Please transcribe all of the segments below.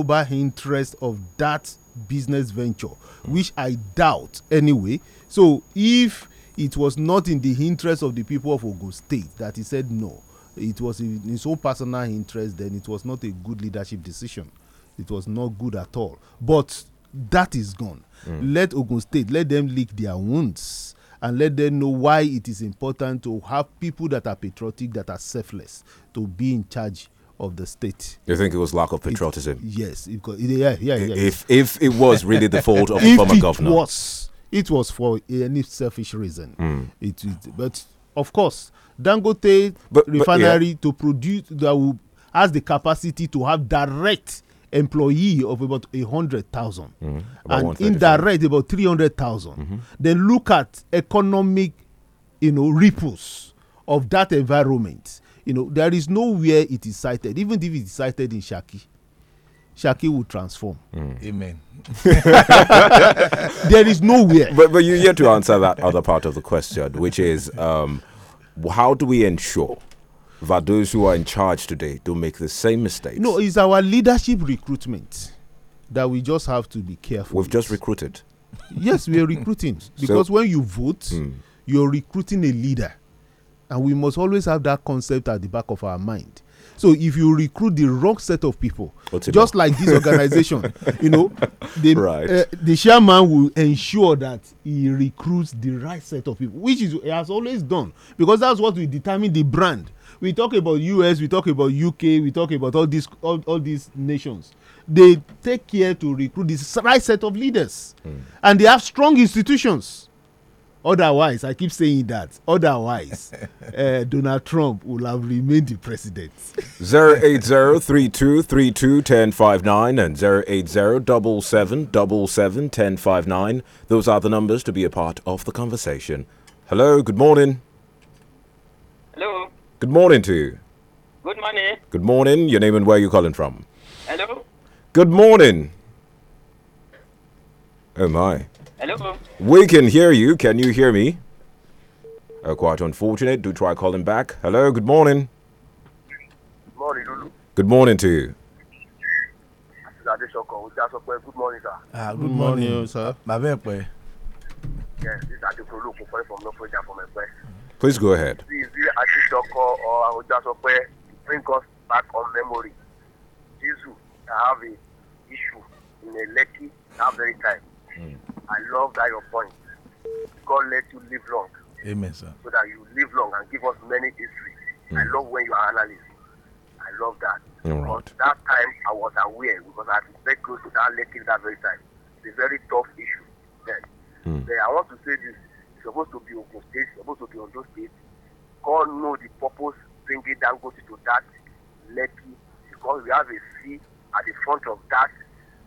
global interest of that business venture, mm. which I doubt anyway. So if it was not in the interest of the people of Ogun State that he said no, it was in his own personal interest, then it was not a good leadership decision. It was not good at all. But that is gone. Mm. Let Ogun State, let them lick their wounds and let them know why it is important to have people that are patriotic, that are selfless, to be in charge of the state. You think it was lack of patriotism? It, yes, yeah, yeah, yeah. If if it was really the fault of a former it governor, was it was for any selfish reason. Mm. It, it, but of course, Dangote but, refinery but, yeah. to produce that will has the capacity to have direct employee of about a hundred thousand mm. and indirect about three hundred thousand. Mm -hmm. Then look at economic, you know, ripples of that environment you know there is nowhere it is cited even if it is cited in shaki Shaki will transform. Mm. Amen. there is nowhere. But, but you yet to answer that other part of the question, which is um, how do we ensure that those who are in charge today don't make the same mistakes? No, it's our leadership recruitment that we just have to be careful. We've with. just recruited. Yes, we are recruiting because so, when you vote, mm. you're recruiting a leader and we must always have that concept at the back of our mind so if you recruit the wrong set of people just like this organization you know the, right. uh, the chairman will ensure that he recruits the right set of people which is he has always done because that's what will determine the brand we talk about us we talk about uk we talk about all these all, all these nations they take care to recruit the right set of leaders mm. and they have strong institutions Otherwise, I keep saying that. Otherwise, uh, Donald Trump will have remained the president. Zero eight zero three two three two ten five nine and zero eight zero double seven double seven ten five nine. Those are the numbers to be a part of the conversation. Hello, good morning. Hello. Good morning to you. Good morning. Good morning. Your name and where you calling from? Hello. Good morning. Oh my. Hello? We can hear you. Can you hear me? Uh, quite unfortunate. Do try calling back. Hello, good morning. Good morning, Lulu. Good morning to you. Good morning, sir. Ah, good, good morning, morning, oh, oh, sir. Bàbá Ẹ̀pẹ́. Yes, this is Adékun calling from Lọ́kọ̀ọ́jà from Please go ahead. Please, this Adéjọkọ or Awojasope bring us back on memory. Jesus, I have an issue in a Lekki not very time. Hmm. I love that your point. God let you live long. Amen, sir. So that you live long and give us many history. Mm. I love when you are analyst. I love that. All right. that time I was aware because I was very close to that lady that very time. It's a very tough issue. Then, mm. then I want to say this. It's supposed to be on State, it's supposed to be those State. God know the purpose bringing Dangote to that lady because we have a sea at the front of that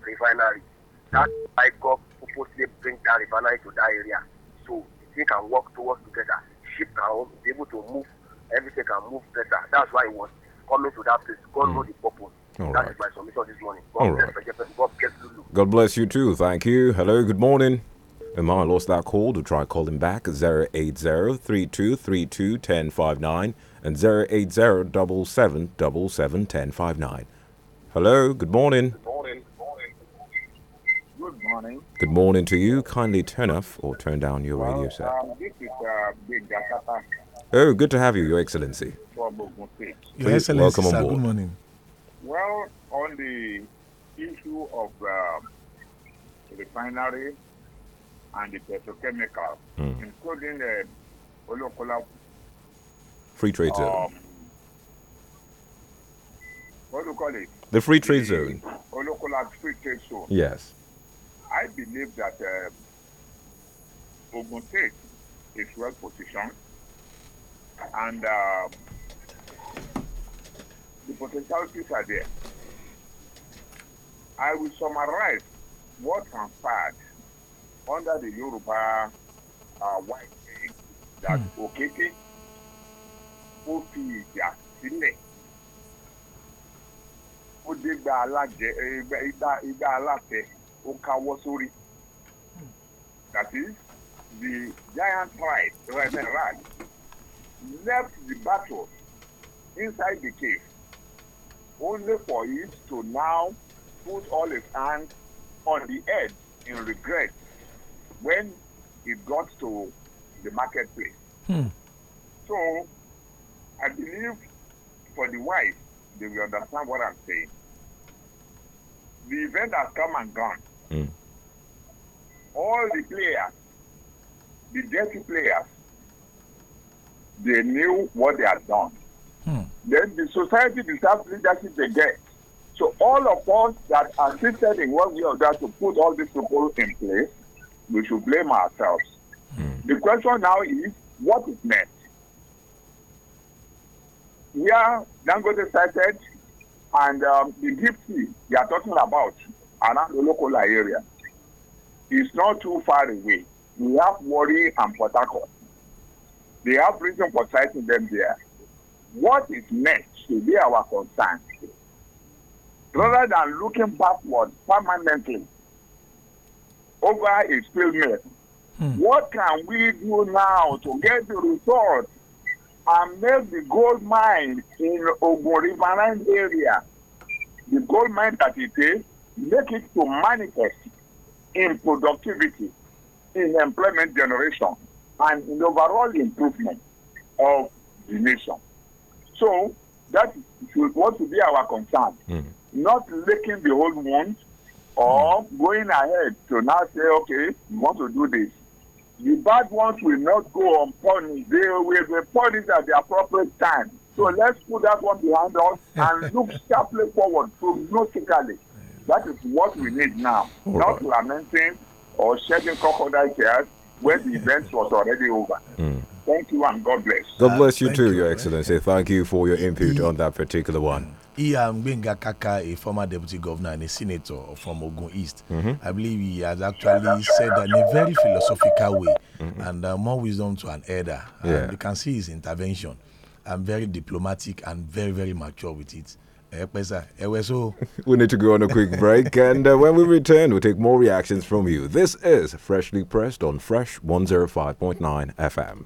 refinery. That bike up purposely bring that refinery to that area. So they can work towards together. Ship can be able to move, everything can move better. That's why it was coming to that place. God mm. knows the purpose. All that right. my submission this morning. God bless God bless God bless you too. Thank you. Hello, good morning. Am I lost that call to try calling back 080-3232-1059 and 080-777-1059. Hello, good morning. Good morning. Good morning to you. Kindly turn off or turn down your well, radio set. Um, this is uh, Big Oh, good to have you, Your Excellency. Please, Excellency, welcome on board. Good morning. Well, on the issue of uh, refinery and the petrochemical, mm. including the Olokola Free Trade Zone. Um, what do you call it? The Free Trade Zone. Olokola Free Trade Zone. Yes. I believe that uh, Ogun State is well positioned, and uh, the potentialities are there. I will summarize what transpired under the Yoruba uh, white king that mm. Okeke ó fi ìjà sílẹ̀ ó dé gba alájẹ igba igba aláfẹ. ó káwọ́ sórí that is the giant pride reverend rad left the battle inside the cave only for it to now put all his hand on the head in regret when it got to the marketplace. Hmm. So I believe for the wise, they will understand what I'm saying. The event has come and gone. Mm. All the players, the dirty players, they knew what they had done. Mm. Then the society deserves leadership they get. So all of us that assisted in what we are that to put all these people in place, we should blame ourselves. Mm. The question now is what is next? Where Dangote started and um, the gift we are talking about around the local area is not too far away. We have Warri and Port Harcourt. They have reason for citing them there. What is next should be our concern. Rather than looking backward permanently over a still mill, hmm. what can we do now to get the result and make the gold mine in Ogun Riverine area, the gold mine that it is, make it to manifest in productivity, in employment generation, and in overall improvement of the nation. So that should what should be our concern. Mm. Not licking the old wounds or mm. going ahead to now say, okay, we want to do this. The bad ones will not go unpunished. They will be punished at the appropriate time. So hmm. let's put that one behind us and look sharply forward prognostically. That is what we need now. All Not right. lamenting or shedding crocodile tears when the event was already over. Mm. Thank you and God bless. God uh, bless you too, you, Your Excellency. Thank you for your input on that particular one. I am um, Kaka, a former deputy governor and a senator from Ogun East. Mm -hmm. I believe he has actually said that in a very philosophical way mm -hmm. and uh, more wisdom to an elder. Yeah. you can see his intervention. I'm very diplomatic and very, very mature with it. we need to go on a quick break, and uh, when we return, we'll take more reactions from you. This is Freshly Pressed on Fresh 105.9 FM.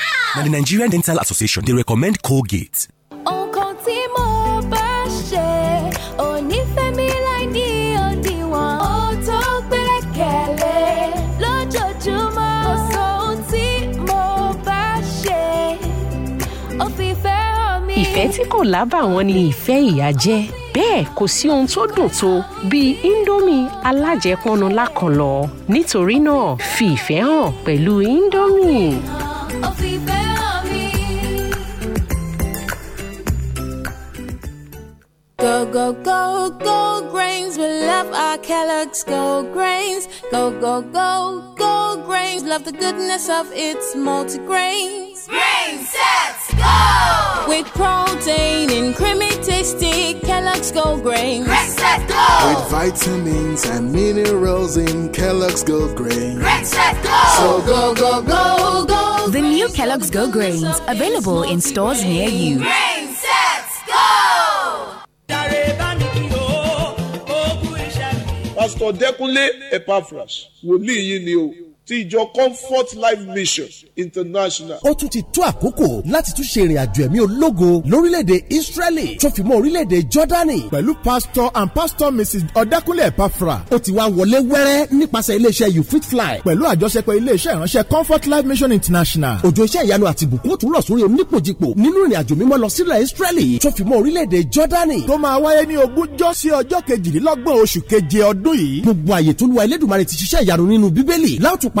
Na the Nigerian Dental Association, they recommend Colgate. ìfẹ́ tí kò lábàwọ́n ni ìfẹ́ ìyá jẹ́ bẹ́ẹ̀ kò sí ohun tó dùn tó bíi indomie alájẹpọnu lákànlọ́ nítorí náà fi ìfẹ́ hàn pẹ̀lú indomie. Go, go, go, go grains. We love our Kellogg's Go grains. Go, go, go, go grains. Love the goodness of its multi grains. Grain sets go! With protein and creamy tasty Kellogg's Go grains. Grain sets go! With vitamins and minerals in Kellogg's Go grains. Grain sets go! So go, go, go, go the new Kellogg's Go Grains, available in stores near you. go! Pastor Dekunle Epaphras, ti ìjọ Comfort Life Mission International. ó tún ti tó àkókò láti tún ṣe ìrìnàjò ẹ̀mí ológo lórílẹ̀‐èdè Israeli tó fi mọ́ orílẹ̀‐èdè Jordani. pẹ̀lú pastor and pastor Mrs. Ọ̀dẹ́kúnlé Epafra ó ti wá wọlé wẹ́rẹ́ nípasẹ̀ iléeṣẹ́ You Fit Fly pẹ̀lú àjọṣepọ̀ iléeṣẹ́ ìránṣẹ́ Comfort Life Mission International. òjò iṣẹ́ ìyanu àti ìbùkún tún rọ̀ sórí onípòjìpò nínú ìrìnàjò mímọ́ lọ sílẹ̀ Israeli tó fi mọ́ orílẹ̀‐èdè Jordani. tó máa wáyé ní ogúnjọ́ sí ọjọ́ kejìlélọ́gbọ̀n oṣù keje ọdún yìí. gbogbo àyè tó lu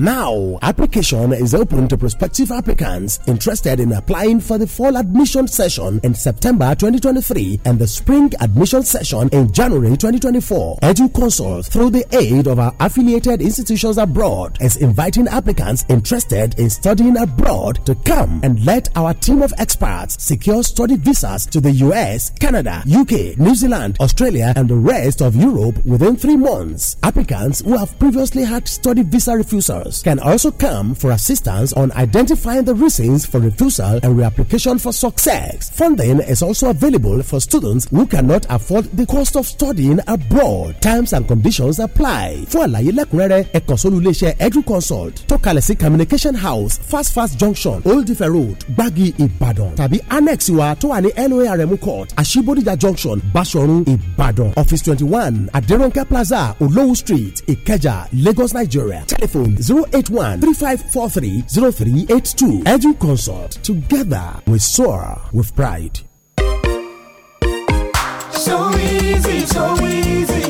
Now, application is open to prospective applicants interested in applying for the fall admission session in September 2023 and the spring admission session in January 2024. EduConsult, through the aid of our affiliated institutions abroad, is inviting applicants interested in studying abroad to come and let our team of experts secure study visas to the US, Canada, UK, New Zealand, Australia, and the rest of Europe within three months. Applicants who have previously had study visa refusal consumers can also come for assistance on identifying the reasons for refusal and reapplication for success. Funding is also available for students who cannot afford the cost of studying abroad. Times and conditions apply. For àlàyé lẹ́kùnrẹ́rẹ́ ẹ educonsult tó communication house fast fast junction old ife road gbági ìbàdàn tàbí annex wa tó wà ní court àṣìbódìjà junction báṣọ̀run ìbàdàn office twenty one adérónkẹ́ plaza olówó street ìkẹjà lagos nigeria telephone zero. 081 3543 0382. Edu Consult. Together we soar with pride. So easy, so easy.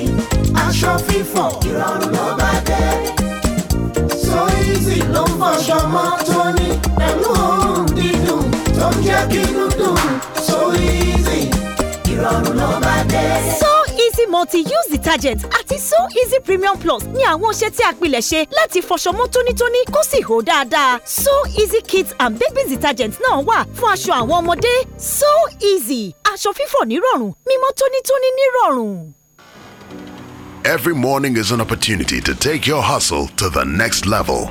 I Aṣọ You're on bá dé. So easy ló for fọṣọ mọ́ tóní pẹ̀lú òórùn dídùn tó Don't jẹ́ kí So easy You're bá dé. So multi-use detergent àti so easy premium plus ní àwọn ọṣẹ tí a pilẹ̀ ṣe láti fọṣọ mọ́ tónítóní kó sì hó dáadáa so easy kids and baby detergent náà wà fún aṣọ àwọn ọmọdé so easy aṣọ fífọ̀ nírọ̀rùn mímọ́ tónítóní nírọ̀rùn. Every morning is an opportunity to take your hustle to the next level.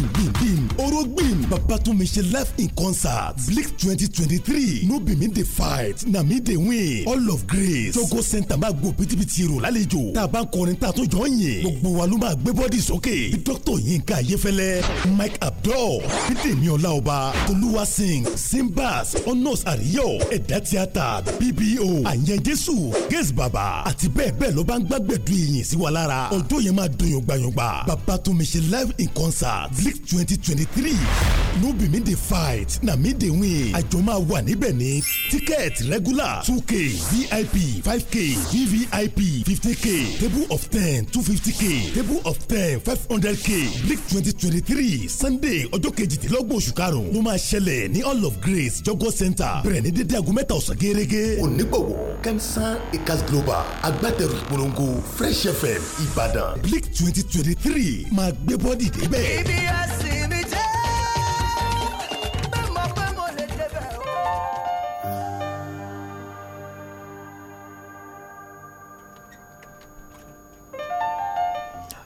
babatunmi ṣe live in concert blix 2023. no be me the fight na me the win all of grace jogo center máa gbó bitibiti rò lálejò tá a bá Ta kọrin tá a tó jọ ń yìn gbogbo wa ló máa gbé bọ́dì sókè bí dókítà yinka ayefẹlẹ mike abdul bídèmí ọláọba tolúwa sing simbas honours àríyọ ẹ̀dá tíátà bbo àyẹn jésù gẹ́sì Baba. àti bẹ́ẹ̀ bẹ́ẹ̀ ló bá ń gbàgbẹ́dù ìyìn sí wa lára ọjọ́ yẹn máa dùn yọ̀gbàyọ̀gbà babatunmi ṣe live in concert blix 2023 no be me dey fight na me dey win àjọ máa wà níbẹ̀ ní Ticket regular two k vip five k vvip fifty k table of ten two fifty k table of ten five hundred k brick twenty twenty three sunday ọjọ́ kejìdínlọ́gbọ̀n oṣù karùn-ún ló máa ṣẹlẹ̀ ní all of grace jọgọ́ center bẹ̀rẹ̀ ní dédé aago mẹ́ta ọ̀sán gẹ́gẹ́. onígbọ̀wọ́ kẹ́mísán ecas global agbátẹrù ìpolongo fresh fm ìbàdàn brick twenty twenty three máa gbé bọ́dì débẹ̀. ibi àsìmí.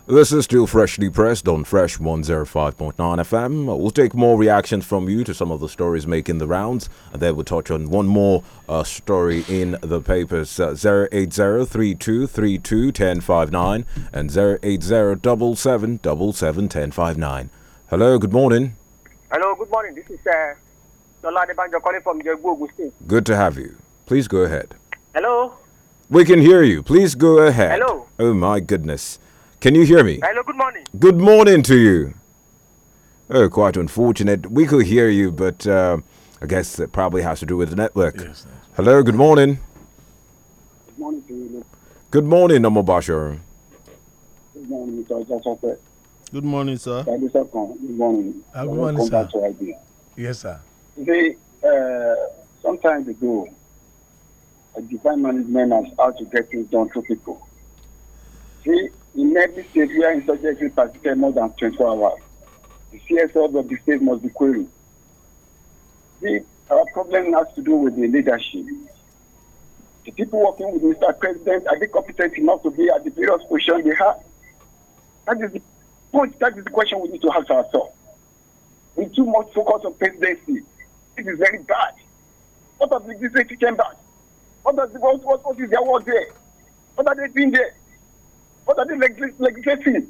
This is still freshly pressed on Fresh 105.9 FM. We'll take more reactions from you to some of the stories making the rounds, and then we'll touch on one more uh, story in the papers. Uh, 08032321059 and 08077771059. Hello, good morning. Hello, good morning. This is uh, Lola calling from Jogbu Augustine. Good to have you. Please go ahead. Hello. We can hear you. Please go ahead. Hello. Oh my goodness. Can you hear me? Hello, good morning. Good morning to you. Oh, quite unfortunate. We could hear you, but uh, I guess it probably has to do with the network. Yes, Hello, good morning. Good morning to you. Good morning, Omobasher. Good morning, Mr. Good morning, sir. Good morning. Ah, good morning, sir. Yes, sir. See, uh, some time ago, a divine management has how to get things done through people. See, in every state where insurgency persisted more than 24 hours, the CSOs of the state must be queried. See, our problem has to do with the leadership. The people working with Mr. President are they competent enough to be at the various positions they have? That is the point. That is the question we need to ask ourselves. We too much focus on presidency. It is very bad. What of the legislative chambers? What does the what, what, what is their work there? What are they doing there? What are they legislating?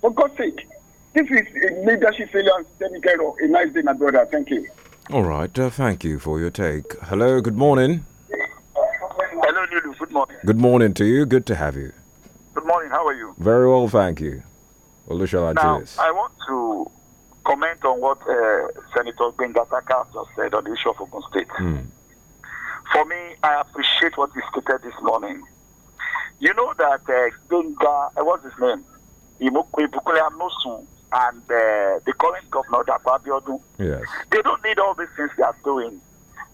For God's sake, this is a leadership failure and taking care of. A nice day, my brother. Thank you. All right. Uh, thank you for your take. Hello. Good morning. Hello, Lulu. Good morning. Good morning to you. Good to have you. Good morning. How are you? Very well, thank you. now, I want to comment on what uh, Senator Bengataka just said on the issue of Ogun State. Mm. For me, I appreciate what he stated this morning. You know that uh, uh what's his name? Ibukunle Amosu and uh, the current governor, Dababiodun. Yes. They don't need all these things they are doing.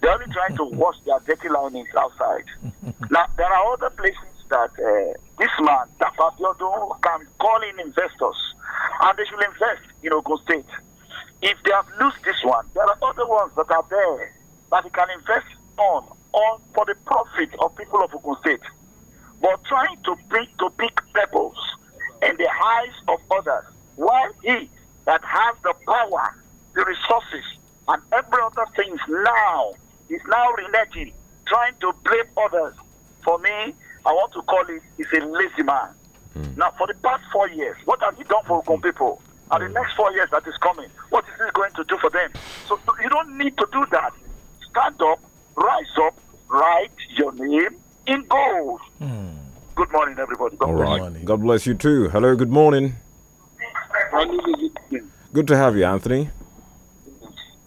They're only trying to wash their dirty linings outside. now, there are other places that uh, this man, Dababiodun, can call in investors and they should invest in Ogo State. If they have lost this one, there are other ones that are there that he can invest on, on for the profit of people of Ogo State but trying to pick to pick pebbles in the eyes of others, while he that has the power, the resources, and every other things now is now relating, trying to blame others. For me, I want to call it is a lazy man. Mm. Now, for the past four years, what have you done for Ogun people? And the hmm. next four years that is coming, what is this going to do for them? So you don't need to do that. Stand up, rise up, write your name, in gold. Hmm. Good morning, everybody. God All right. Morning. God bless you too. Hello, good morning. Good to have you, Anthony.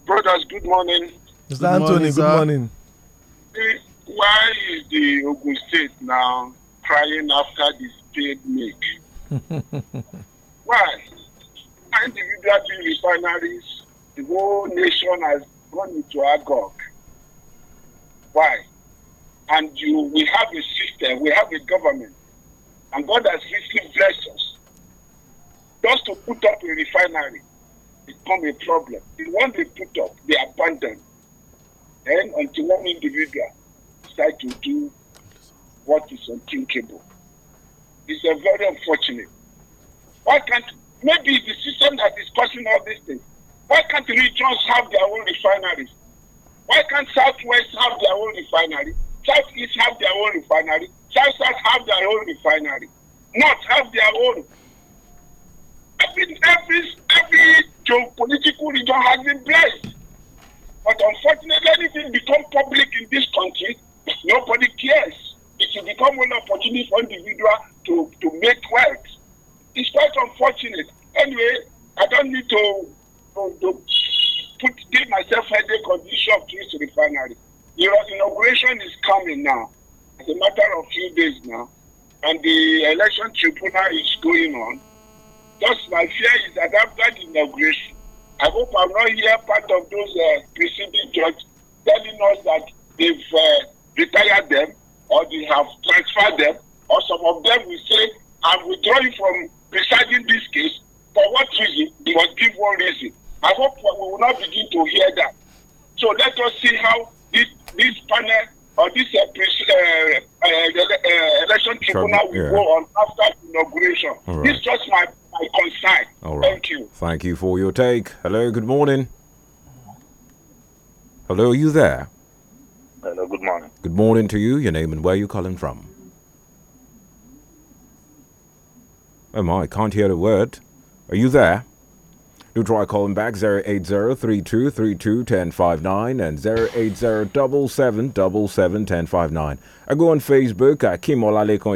Brothers, good morning. Mr. Good Anthony, morning, good sir. morning. Why is the Ogun State now crying after the spade make? Why? Individual refineries, the whole nation has gone into agog. Why? And you, we have a system, we have a government, and God has richly blessed us. Just to put up a refinery become a problem. The one they put up, they abandon. And until one individual decide to do what is unthinkable. It's a very unfortunate. Why can't maybe the system that is causing all these things? Why can't regions have their own refineries? Why can't Southwest have their own refinery? East have their own refinery. South South have their own refinery. North have their own. Every, every, every geopolitical region has been blessed. But unfortunately, anything become public in this country, nobody cares. It will become an opportunity for individual to, to make wealth. It's quite unfortunate. Anyway, I don't need to, to, to put give myself headache on the issue of this refinery. Your inauguration is coming now. It's a matter of few days now. And the election tribunal is going on. Thus, my fear is that after the inauguration, I hope I'm not here part of those uh, preceding judges telling us that they've uh, retired them or they have transferred them, or some of them will say, I'm withdrawing from presiding this case. For what reason? They must give one reason. I hope we will not begin to hear that. So let us see how this this panel or this uh, uh uh, uh, uh, election tribunal will yeah. go on after inauguration. Right. This is just my, my concern. All right. Thank you. Thank you for your take. Hello, good morning. Hello, are you there? Hello, good morning. Good morning to you. Your name and where you calling from? Oh my, I can't hear a word. Are you there? Do try calling back 080-3232-1059 and 080-777-1059. I go on Facebook, uh, Kim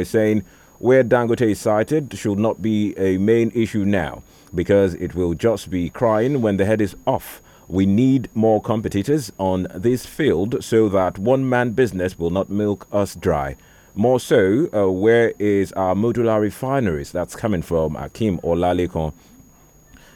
is saying, where Dangote is cited should not be a main issue now because it will just be crying when the head is off. We need more competitors on this field so that one man business will not milk us dry. More so, uh, where is our modular refineries? That's coming from Akim uh, Olalekan.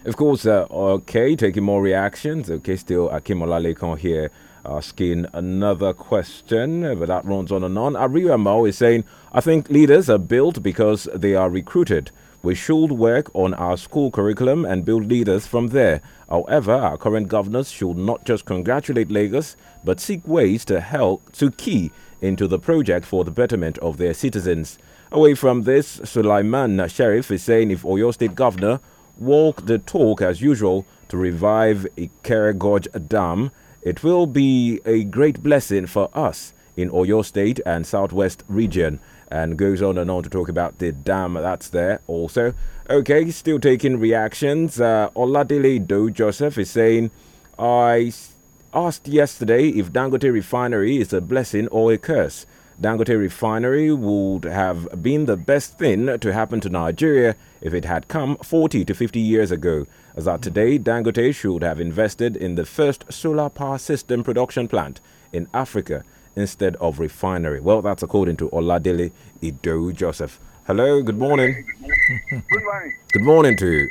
Of course, uh, okay, taking more reactions. Okay, still Akim Olalekan here asking uh, another question, uh, but that runs on and on. Ariwa Mo is saying, I think leaders are built because they are recruited. We should work on our school curriculum and build leaders from there. However, our current governors should not just congratulate Lagos, but seek ways to help to key into the project for the betterment of their citizens. Away from this, Sulaiman Sheriff is saying if Oyo State Governor walk the talk as usual to revive Ikerigoj Dam. It will be a great blessing for us in Oyo State and Southwest region and goes on and on to talk about the dam that's there also. Okay, still taking reactions. Uh, Oladile Do Joseph is saying, I asked yesterday if Dangote refinery is a blessing or a curse. Dangote refinery would have been the best thing to happen to Nigeria if it had come 40 to 50 years ago. As at today, Dangote should have invested in the first solar power system production plant in Africa instead of refinery. Well, that's according to Oladele Ido Joseph. Hello, good morning. Good morning. good morning to you.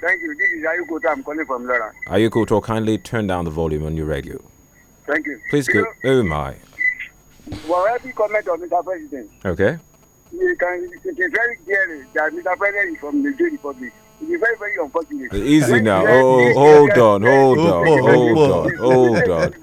Thank you. This is Ayuko. I'm calling from Lora. Ayuko, kindly turn down the volume on your radio. Thank you. Please you go. Know, oh my. For every comment on Mr. President, okay, we can it is very clear that Mr. President is from the Nigeria Republic. It is very, very unfortunate. Easy now. Oh, hold on, hold on, hold on, hold on.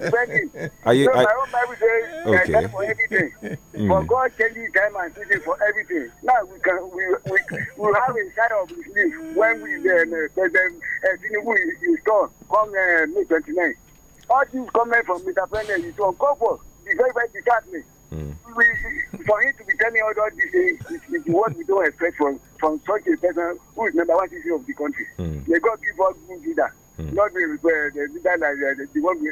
Are you? So my own Bible says, okay. for everything. Mm. For God changes time and season for everything. Now we can we we we have a kind of relief when we then um, uh, President uh, Tinubu is done come uh, May 29. All these comments from Mr. President is uncalled it's very, very disheartening. Mm. We, for him to be telling all this is, is, what we don't expect from, from such a person who is number one citizen of the country. Mm. May God give us good leaders. Mm. Not the, the, one we,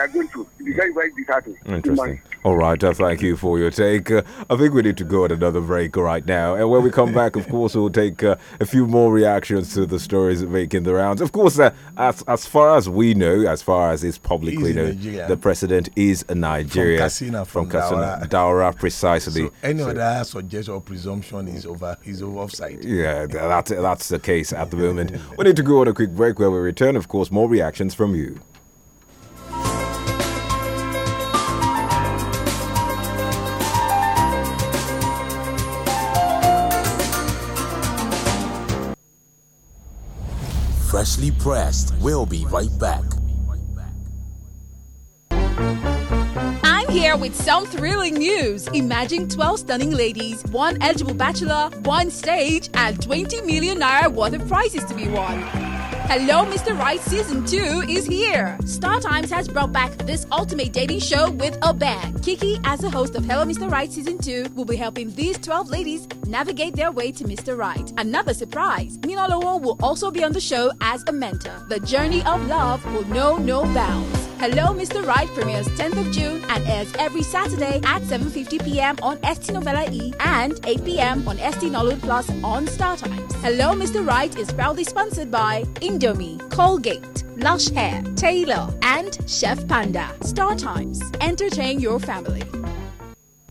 are going to. It's very, very disheartening. Interesting. All right. Uh, thank you for your take. Uh, I think we need to go on another break right now. And when we come back, of course, we'll take uh, a few more reactions to the stories making the rounds. Of course, uh, as, as far as we know, as far as it's publicly known, the president is a Nigerian. From Casina. From, from Kasina, Daura. Daura. precisely. So any so, other suggestion or presumption is over, is over offside. Yeah, that's, that's the case at the moment. we need to go on a quick break where we return of course, more reactions from you. Freshly pressed. We'll be right back. I'm here with some thrilling news. Imagine 12 stunning ladies, one eligible bachelor, one stage, and 20 million naira worth of prizes to be won. Hello, Mr. Right Season 2 is here. Star Times has brought back this ultimate dating show with a bang. Kiki, as the host of Hello, Mr. Right Season 2, will be helping these 12 ladies navigate their way to Mr. Right. Another surprise, Nina Lowell will also be on the show as a mentor. The journey of love will know no bounds. Hello Mr. Right premieres 10th of June and airs every Saturday at 7.50 p.m. on ST Novella E and 8 p.m. on ST Nollywood Plus on Star Times. Hello Mr. Right is proudly sponsored by Indomie, Colgate, Lush Hair, Taylor and Chef Panda. Star Times. Entertain your family.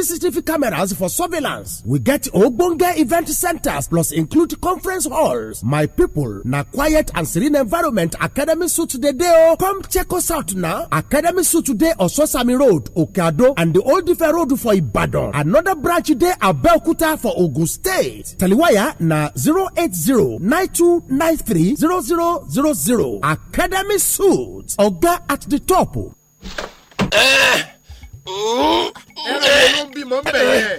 CCTV cameras for surveillance. We get ogbonge event centers plus include conference halls. My people, na quiet and serene environment Academy Suit dey dey o. Oh. Come check us out now. Academy Suit dey Ososami Road, Okeado and the Old Ife Road for Ibadan. Another branch dey Abeokuta for Ogun State. Taliwaya na 08092930000. Academy Suit. Oga at the top. Oh. Eh, ẹran ló ń bímọ ń bẹ̀ yẹn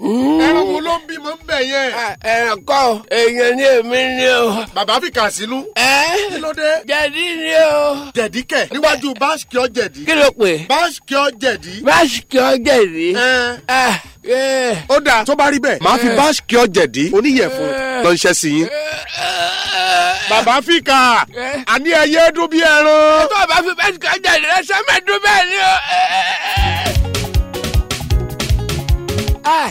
ẹran wo ló ń bímọ ń bẹ̀ yẹn. Ah, ẹran kọ́ èèyàn ni èmi ni o. bàbá fi kà sínú. ẹ kí ló dé. jẹ̀dí ni o. jẹ̀dí kẹ̀ níwájú báṣkìọ́ jẹ̀dí. kí ló pè. báṣkìọ́ jẹ̀dí. báṣkìọ́ jẹ̀dí. ó dáa tó bá rí bẹ́ẹ̀ máa fi báṣkìọ́ jẹ̀dí oníyẹ̀fun lọ ṣẹ́ sí yín. bàbá fi kà àní ẹyẹ dún bí ẹran. tó bá fi báṣkìọ́ jẹ̀dí rẹ sẹ́mẹ̀ẹ́dún bẹ́ẹ̀ ni o. Ah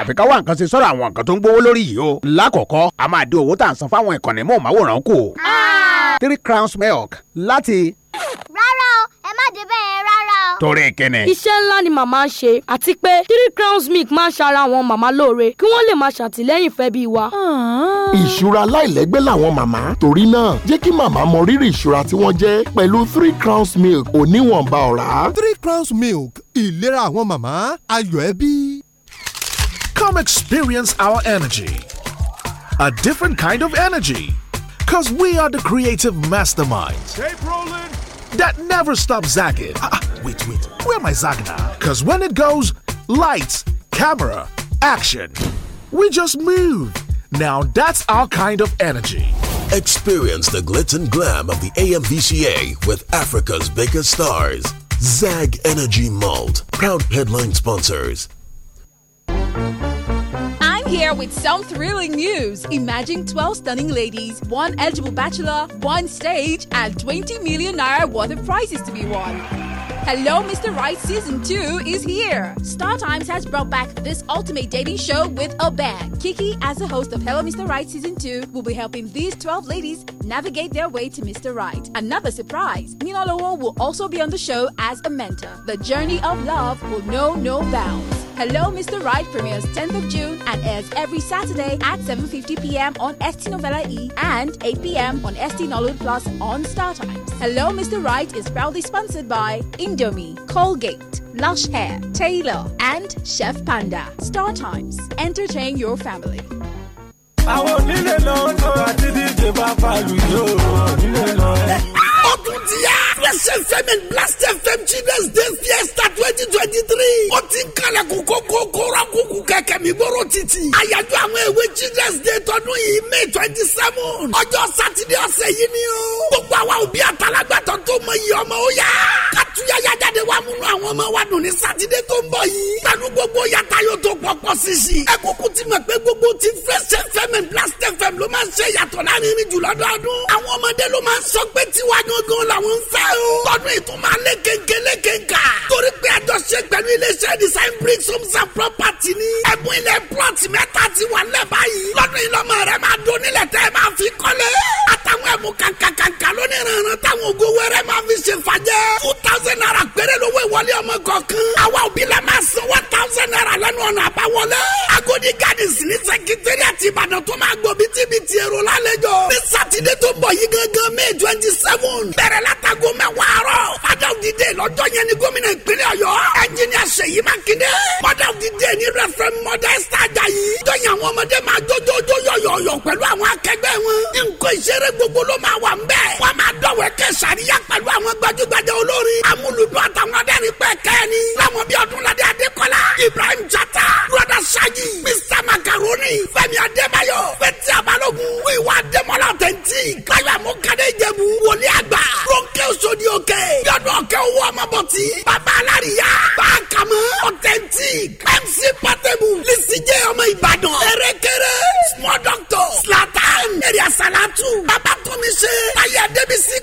àfi ká nǹkan ṣe sọ́dọ̀ àwọn nǹkan tó ń gbówó lórí yìí o. lákọ̀ọ́kọ́ a máa dín owó tá ń san fáwọn ìkànnì mọ̀ọ́máwòrán kù. Ah! three crowns milk láti. rárá o ẹ má dé bẹ́ẹ̀ rárá o. torí kẹ́nẹ̀. iṣẹ́ ńlá ni màmá ń ṣe àti pé three crowns milk máa ń ṣara àwọn màmá lóore kí wọ́n lè máa ṣàtìlẹ́yìn fẹ́ bí wa. Ah. ìṣúra aláìlẹ́gbẹ́ làwọn màmá torí náà jẹ́ kí màmá mọ rírì ìṣúra tí wọ́n jẹ́ pẹ̀lú three crowns milk oníwọ̀nba ọ̀rá. three crowns milk ìlera àwọn màmá ayọ̀ ẹbí. Come experience our energy. A different kind of energy. Because we are the creative masterminds. That never stops zagging. Ah, ah, wait, wait, where am I zagging now? Because when it goes, lights, camera, action, we just move. Now that's our kind of energy. Experience the glitz and glam of the AMVCA with Africa's biggest stars. Zag Energy Malt, proud headline sponsors here with some thrilling news. Imagine 12 stunning ladies, one eligible bachelor, one stage, and 20 million naira worth of prizes to be won. Hello, Mr. Right Season 2 is here. Star Times has brought back this ultimate dating show with a bang. Kiki, as the host of Hello, Mr. Right Season 2, will be helping these 12 ladies navigate their way to Mr. Right. Another surprise, Nina Lowell will also be on the show as a mentor. The journey of love will know no bounds. Hello Mr. Right premieres 10th of June and airs every Saturday at 7.50 p.m. on ST Novella E and 8 p.m. on ST Nollywood Plus on StarTimes. Hello Mr. Right is proudly sponsored by Indomie, Colgate, Lush Hair, Taylor and Chef Panda. StarTimes, entertain your family. Fresh FM and Blast FM Children's Day Fiesta 2023. twenty three. ó ti ń kalẹ̀ kó kókó kóra kókó kẹ̀kẹ́ mi bọ́rọ̀ títì. àyájọ́ àwọn èwe Children's Day tọdún yìí May twenty seven ọjọ́ sátidé ọ̀sẹ̀ yìí ni o. gbogbo àwa òbí àtàlágbàtọ́ tó mọ iye ọmọ ó yá. kátúyà yájáde wa múnú àwọn ọmọ wa dùn ní sátidé tó ń bọ̀ yìí. pẹ̀lú gbogbo yàtá yóò tó pọ̀pọ̀ sisi. ẹ kúkú ti mọ̀ pé gbogbo ti Fresh FM and Blast FM ló máa ń ṣe yàtọ̀ láàrin jùlọ́dọọdún. àwọn ọmọdé ló máa ń sọ pé tiwa gangan làwọn ń fẹ́ ọlọ́run. tọdún ìtumọ̀ alẹ́ kéńké lẹ́kẹ̀ẹ́ka. torí pé àjọṣe pẹ̀lú iléeṣẹ́ design bricks homes and property ni. ẹ̀bùn ilẹ̀ plot mẹ́ta ti wà lẹ́ báyìí. lọ́dún ìlọ́mọ rẹ̀ máa dún nílẹ̀ tẹ́ ẹ máa fi kọ́lé. àtàwọn ẹ̀bùn kàkàkàkà lónìí ìrànràn táwọn ògo wẹrẹ máa fi ṣe fàjẹ́. two thousand naira péré lówó ìwọlé ọmọ kọ̀ọ̀kan. àwa òbí la máa san one thousand naira lẹ́nu ọ̀nà àbáwọlé. Agodi Gardens ní sẹkítẹ́rì àti Ìbàdàn tó máa gbọ́ bíi tíbi ti èrò lálejò. ní sátidé tó ń bọ̀ yí gangan May twenty seven. bẹ̀rẹ̀ látago mẹ́ mẹ́wàá àárọ̀. fada òdìdé lọ́jọ́ yẹn ni gómìnà ìpínlẹ̀ ọ̀yọ́. ẹnjìnìà Ṣèyí Mákindé. fada òdìdé ni rẹfẹ̀rẹ̀ Modesta Ajayi. jọyìn àwọn ọmọdé máa jójójó yọ̀yọ̀yọ̀ pẹ̀lú àwọn akẹgbẹ́ wọn. nǹkan ìṣeré gbogbo ló máa wà ńbẹ̀. wọ́n máa dọ̀wẹ́ kẹ́ sàríyá pẹ̀lú àwọn gbajúgbajà olórin. amúlùdún àtàwọn adẹ́rìn pẹ́ kẹ́ni. láwọn bí Ọdúnládé Adékọ́lá. Ibrahim Jata. broda Saji. Mr Macaroni. Fẹ́mi Adébáyọ̀. fẹ́tí Abalógun. wíwá Adémọ́lá authentic. káyọ̀ àmúkadé Ìjẹ̀bú. wòlíì àgbà òkè. yọdún òkè owó ọmọbọtì. bàbá alárìíyá. bá a kà mọ́. authentic. mc patebu. lisijẹ ọmọ ìbàdàn. erékeré. small doctor. slatan. eria salatu. bàbá tómi ṣe. táyà débìsí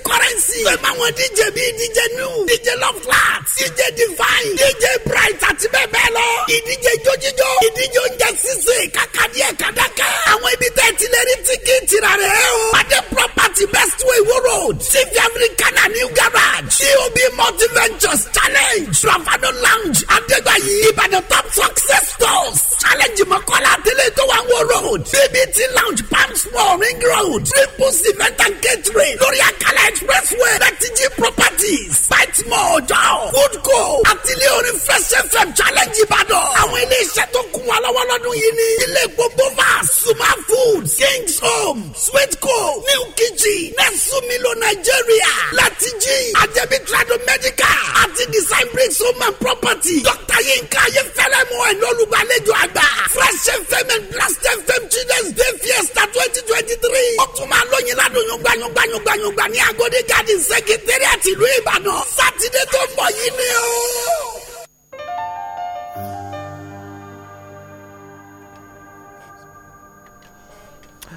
fẹ́mi àwọn dj bíi dj new. dj love class. dj divine. dj bright àti bẹ́ẹ̀ bẹ́ẹ̀ lọ. ìdíje jójíjó. ìdíje oúnjẹ sísè. kàkàdíẹ̀ kàdákà. àwọn ibi tẹ́ẹ̀ tilẹ̀ rí tíkì tìrà rẹ̀ o. pàdé prop àti best way wo road cv africana new garage cob multiventures challenge trafaldo lounge adégbàyí ìbàdàn top success stores challenge mọ́kànlá àtẹlẹ́ tó wà wo road bbt lounge palms mall ring road triple cement and gateway. lórí àkàlà expressway betiji properties bite mall ọjọ́ food co àtìlẹ́ orin fresh fm challenge ìbàdàn àwọn ilé iṣẹ́ tó kún wa lọ́wọ́ lọ́dún yìí ní ilé gbogbo bá suma food kings home sweet co new kitchen méjì lẹ́sùn mi lọ nàìjíríà láti jí àjẹbí trado medical àti design bricks home property dr yinka ayefẹ́lẹ́ mọ́ ẹ̀ lọ́lùgbàlejò àgbà fresh fm and blast fm children's day fiesta twenty twenty three ó tún máa lóyin ládùn yóò gbanyó gbanyó gbanyó gbà agodi garden secretariat àti ìlú ìbàdàn sátidé tó ń bọ̀ yìí ni o.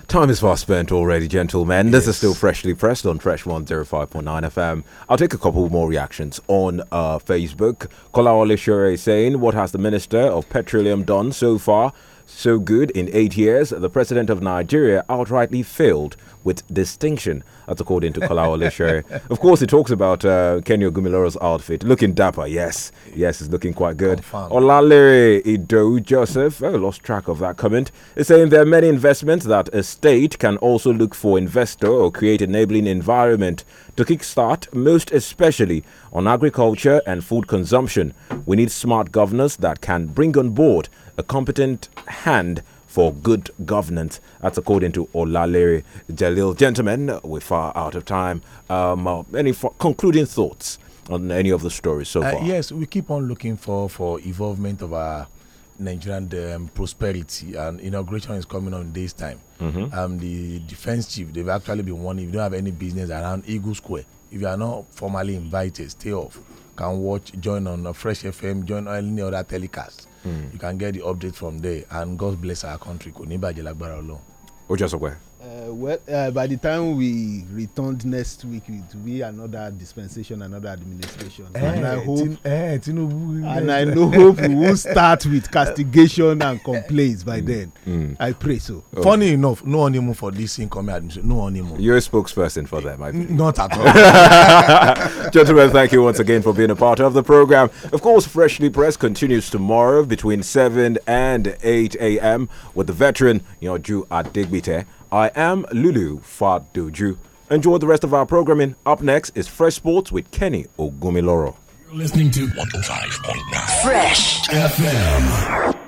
Time is fast spent already, gentlemen. Yes. This is still freshly pressed on Fresh 105.9 FM. I'll take a couple more reactions on uh, Facebook. Kola Olishere saying, What has the Minister of Petroleum done so far? so good in eight years, the president of Nigeria outrightly failed with distinction. That's according to Kalawale Shere. of course, he talks about uh, Kenya Gumiloro's outfit. Looking dapper, yes. Yes, it's looking quite good. Olalere Ido Joseph, I oh, lost track of that comment, He's saying there are many investments that a state can also look for investor or create enabling environment to kickstart, most especially on agriculture and food consumption. We need smart governors that can bring on board a competent hand for good governance. That's according to Olalere Jalil. Gentlemen, we're far out of time. Um, uh, any concluding thoughts on any of the stories so uh, far? Yes, we keep on looking for for involvement of our Nigerian um, prosperity and inauguration is coming on this time. Mm -hmm. um, the defense chief, they've actually been warning if you don't have any business around Eagle Square, if you are not formally invited, stay off. Can watch, join on uh, Fresh FM, join on any other telecast. Hmm. you can get the update from there and God bless our country kò ní bàjẹ́ lágbára Ọlọ́run. ó jọ sọ pé. Uh, well, uh, by the time we returned next week, it will be another dispensation, another administration. Hey, eh, and I hope, hey, eh, Tinubu, and I know hope we will start with castigation and complaints by mm, then. Mm. I pray so. Oh. Funny enough, no honeymoon for this incoming administration. No honeymoon. You're a spokesperson for them, I think. Not at all. Gentlemen, thank you once again for being a part of the program. Of course, Freshly Press continues tomorrow between 7 and 8 a.m. with the veteran, you know, Drew Adigbite. I am Lulu Fadoju. Enjoy the rest of our programming. Up next is Fresh Sports with Kenny Ogumiloro. You're listening to 105.9 Fresh FM.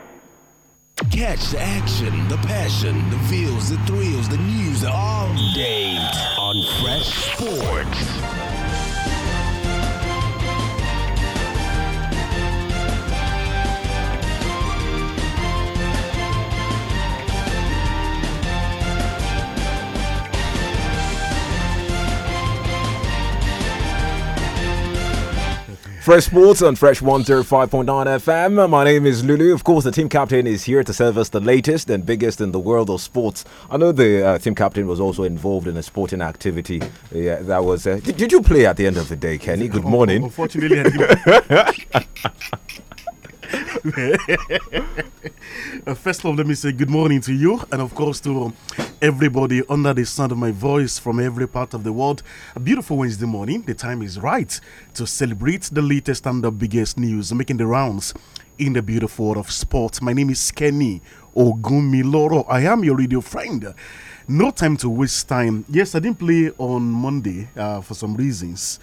Catch the action, the passion, the feels, the thrills, the news all day on Fresh Sports. Fresh Sports on Fresh 105.9 FM. My name is Lulu. Of course, the team captain is here to serve us the latest and biggest in the world of sports. I know the uh, team captain was also involved in a sporting activity. Yeah, that was. Uh, did, did, you play at the end of the day, Kenny? Good morning. Unfortunately, First of all, let me say good morning to you and, of course, to everybody under the sound of my voice from every part of the world. A beautiful Wednesday morning. The time is right to celebrate the latest and the biggest news making the rounds in the beautiful world of sport. My name is Kenny Ogumiloro. I am your radio friend. No time to waste time. Yes, I didn't play on Monday uh, for some reasons.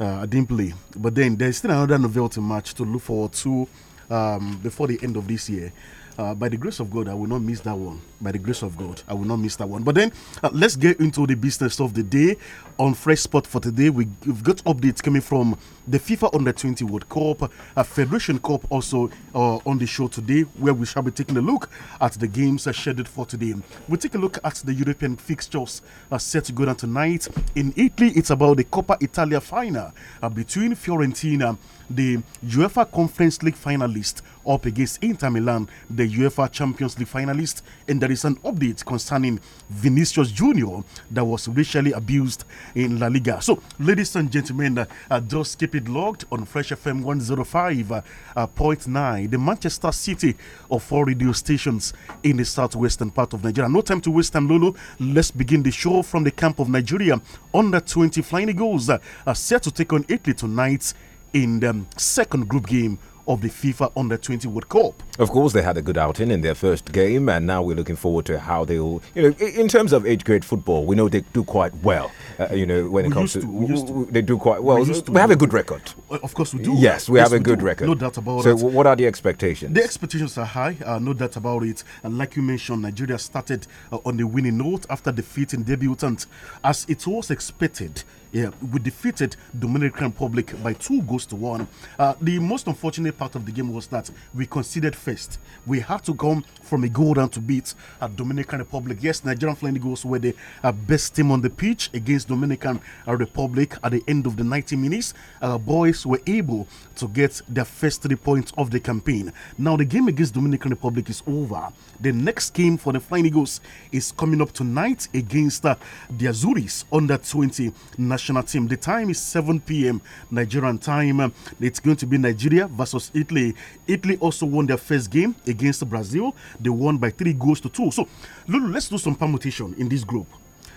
Uh, I didn't play. But then there's still another novelty match to look forward to um, before the end of this year. Uh, by the grace of God, I will not miss that one. By the grace of God, I will not miss that one. But then uh, let's get into the business of the day on Fresh Spot for today. We, have got updates coming from the FIFA Under 20 World Cup, uh, Federation Cup also uh, on the show today, where we shall be taking a look at the games uh, scheduled for today. We'll take a look at the European fixtures uh, set to go down tonight. In Italy, it's about the Coppa Italia final between Fiorentina, the UEFA Conference League finalist up against Inter Milan, the UEFA Champions League finalist. And there is an update concerning Vinicius Junior that was racially abused in La Liga. So, ladies and gentlemen, uh, uh just keep it locked on Fresh FM 105.9, uh, uh, the Manchester City of four radio stations in the southwestern part of Nigeria. No time to waste time, Lulu. Let's begin the show from the camp of Nigeria. Under 20 Flying goals are set to take on Italy tonight in the um, second group game of the FIFA Under 20 World Cup. Of course, they had a good outing in their first game, and now we're looking forward to how they'll, you know, in terms of age grade football, we know they do quite well, uh, you know, when it comes to, to, to, They do quite well. We, we have a good record. Uh, of course, we do. Yes, we yes, have a good do. record. No doubt about so it. So, what are the expectations? The expectations are high, uh, no doubt about it. And like you mentioned, Nigeria started uh, on the winning note after defeating debutant. As it was expected, yeah, we defeated Dominican Republic by two goals to one. Uh, the most unfortunate part of the game was that we conceded first. We had to come from a goal down to beat uh, Dominican Republic. Yes, Nigerian Flying goals were the uh, best team on the pitch against Dominican uh, Republic at the end of the 90 minutes. Our uh, boys were able to get their first three points of the campaign. Now the game against Dominican Republic is over. The next game for the Flying Eagles is coming up tonight against uh, the Azuris under 20 national team. The time is 7 p.m. Nigerian time. It's going to be Nigeria versus Italy. Italy also won their first game against Brazil. They won by three goals to two. So, Lulu, let's do some permutation in this group.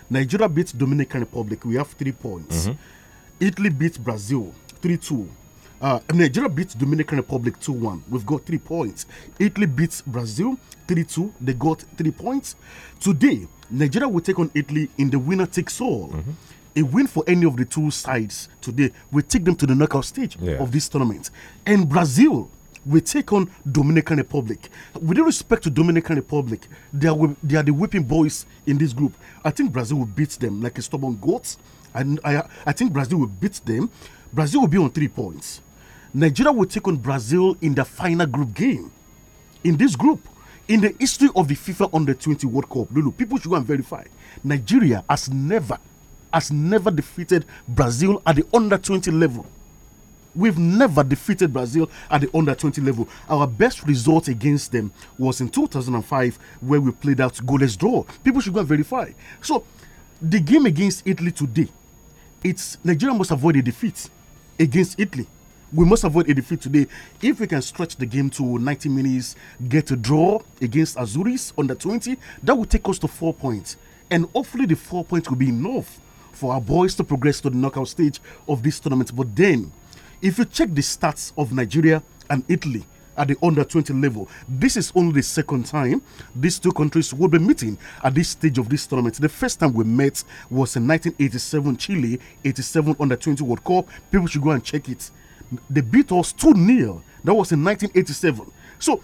Nigeria beats Dominican Republic. We have three points. Mm -hmm. Italy beats Brazil 3 2. Uh, Nigeria beats Dominican Republic 2 1. We've got three points. Italy beats Brazil 3 2. They got three points. Today, Nigeria will take on Italy in the winner takes all. Mm -hmm. A win for any of the two sides today will take them to the knockout stage yeah. of this tournament. And Brazil will take on Dominican Republic. With respect to Dominican Republic, they are, they are the whipping boys in this group. I think Brazil will beat them like a stubborn goat. And I, I think Brazil will beat them. Brazil will be on three points. Nigeria will take on Brazil in the final group game. In this group, in the history of the FIFA Under 20 World Cup, Lulu, people should go and verify. Nigeria has never, has never defeated Brazil at the Under 20 level. We've never defeated Brazil at the under 20 level. Our best result against them was in 2005, where we played out goalless draw. People should go and verify. So, the game against Italy today, it's Nigeria must avoid a defeat against Italy we must avoid a defeat today. If we can stretch the game to 90 minutes, get a draw against Azuris under 20, that will take us to four points. And hopefully, the four points will be enough for our boys to progress to the knockout stage of this tournament. But then, if you check the stats of Nigeria and Italy, at the under 20 level. This is only the second time these two countries will be meeting at this stage of this tournament. The first time we met was in 1987 Chile, 87 under 20 World Cup. People should go and check it the Beatles stood nil. That was in 1987. So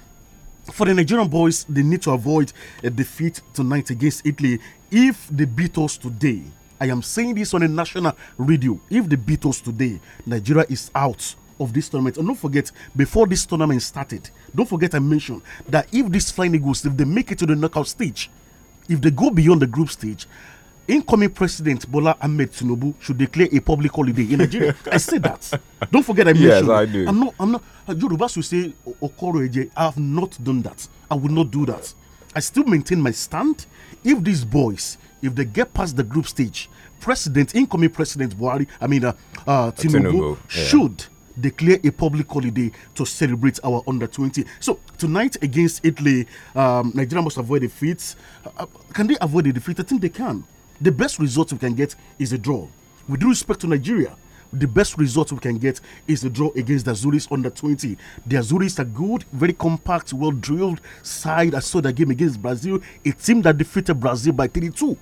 for the Nigerian boys, they need to avoid a defeat tonight against Italy. If the Beatles today, I am saying this on a national radio, if the Beatles today, Nigeria is out of this tournament. And don't forget, before this tournament started, don't forget I mentioned that if these Flying Eagles, if they make it to the knockout stage, if they go beyond the group stage, incoming president Bola Ahmed Tinubu should declare a public holiday in Nigeria. I say that. Don't forget I mentioned. Yes, I do. I'm not. I'm not. Uh, Yorubas will say Okoro Eje. I have not done that. I will not do that. I still maintain my stand. If these boys, if they get past the group stage, President, incoming President Buhari, I mean uh, uh, Tinubu, Tinubu yeah. should declare a public holiday to celebrate our under 20. So tonight against Italy, um, Nigeria must avoid defeat. Uh, uh, can they avoid a defeat? I think they can the best result we can get is a draw. With respect to Nigeria, the best result we can get is a draw against the Azuris under 20. The Azuris are good, very compact, well drilled side. I saw the game against Brazil, a team that defeated Brazil by 32,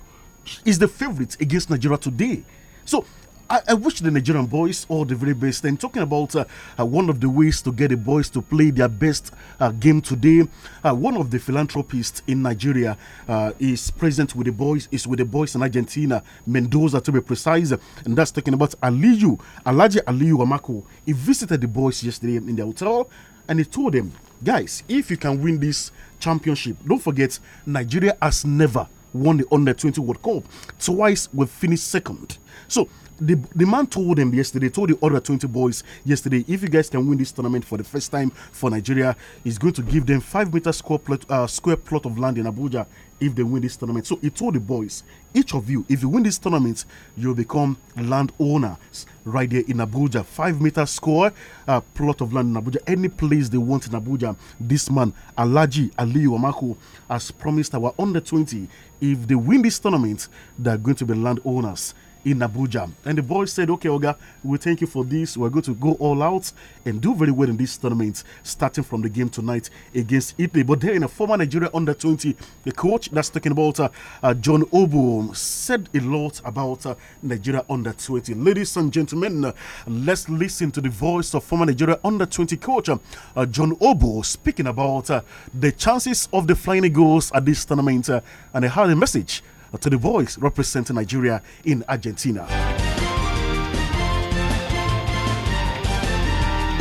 is the favorite against Nigeria today. So I, I, wish the Nigerian boys all the very best. And talking about uh, uh, one of the ways to get the boys to play their best uh, game today, uh, one of the philanthropists in Nigeria uh, is present with the boys. Is with the boys in Argentina, Mendoza to be precise, and that's talking about Aliyu Alaji Aliyu Amako. He visited the boys yesterday in the hotel, and he told them, guys, if you can win this championship, don't forget Nigeria has never won the under 20 World Cup. Twice we finished second. So the, the man told them yesterday, told the other 20 boys yesterday, if you guys can win this tournament for the first time for Nigeria, he's going to give them five meter square plot, uh, square plot of land in Abuja if they win this tournament. So he told the boys, each of you, if you win this tournament, you'll become landowners right there in Abuja. Five meter square uh, plot of land in Abuja, any place they want in Abuja. This man, Alaji Aliyu Amako, has promised our under 20 if they win this tournament, they're going to be landowners in Abuja. And the boys said, okay, Oga, we thank you for this. We're going to go all out and do very well in this tournament, starting from the game tonight against Italy. But then a former Nigeria under 20, the coach that's talking about uh, uh, John Obu, said a lot about uh, Nigeria under 20. Ladies and gentlemen, let's listen to the voice of former Nigeria under 20 coach uh, John Obu speaking about uh, the chances of the Flying Eagles at this tournament. Uh, and I had a message to the voice representing Nigeria in Argentina.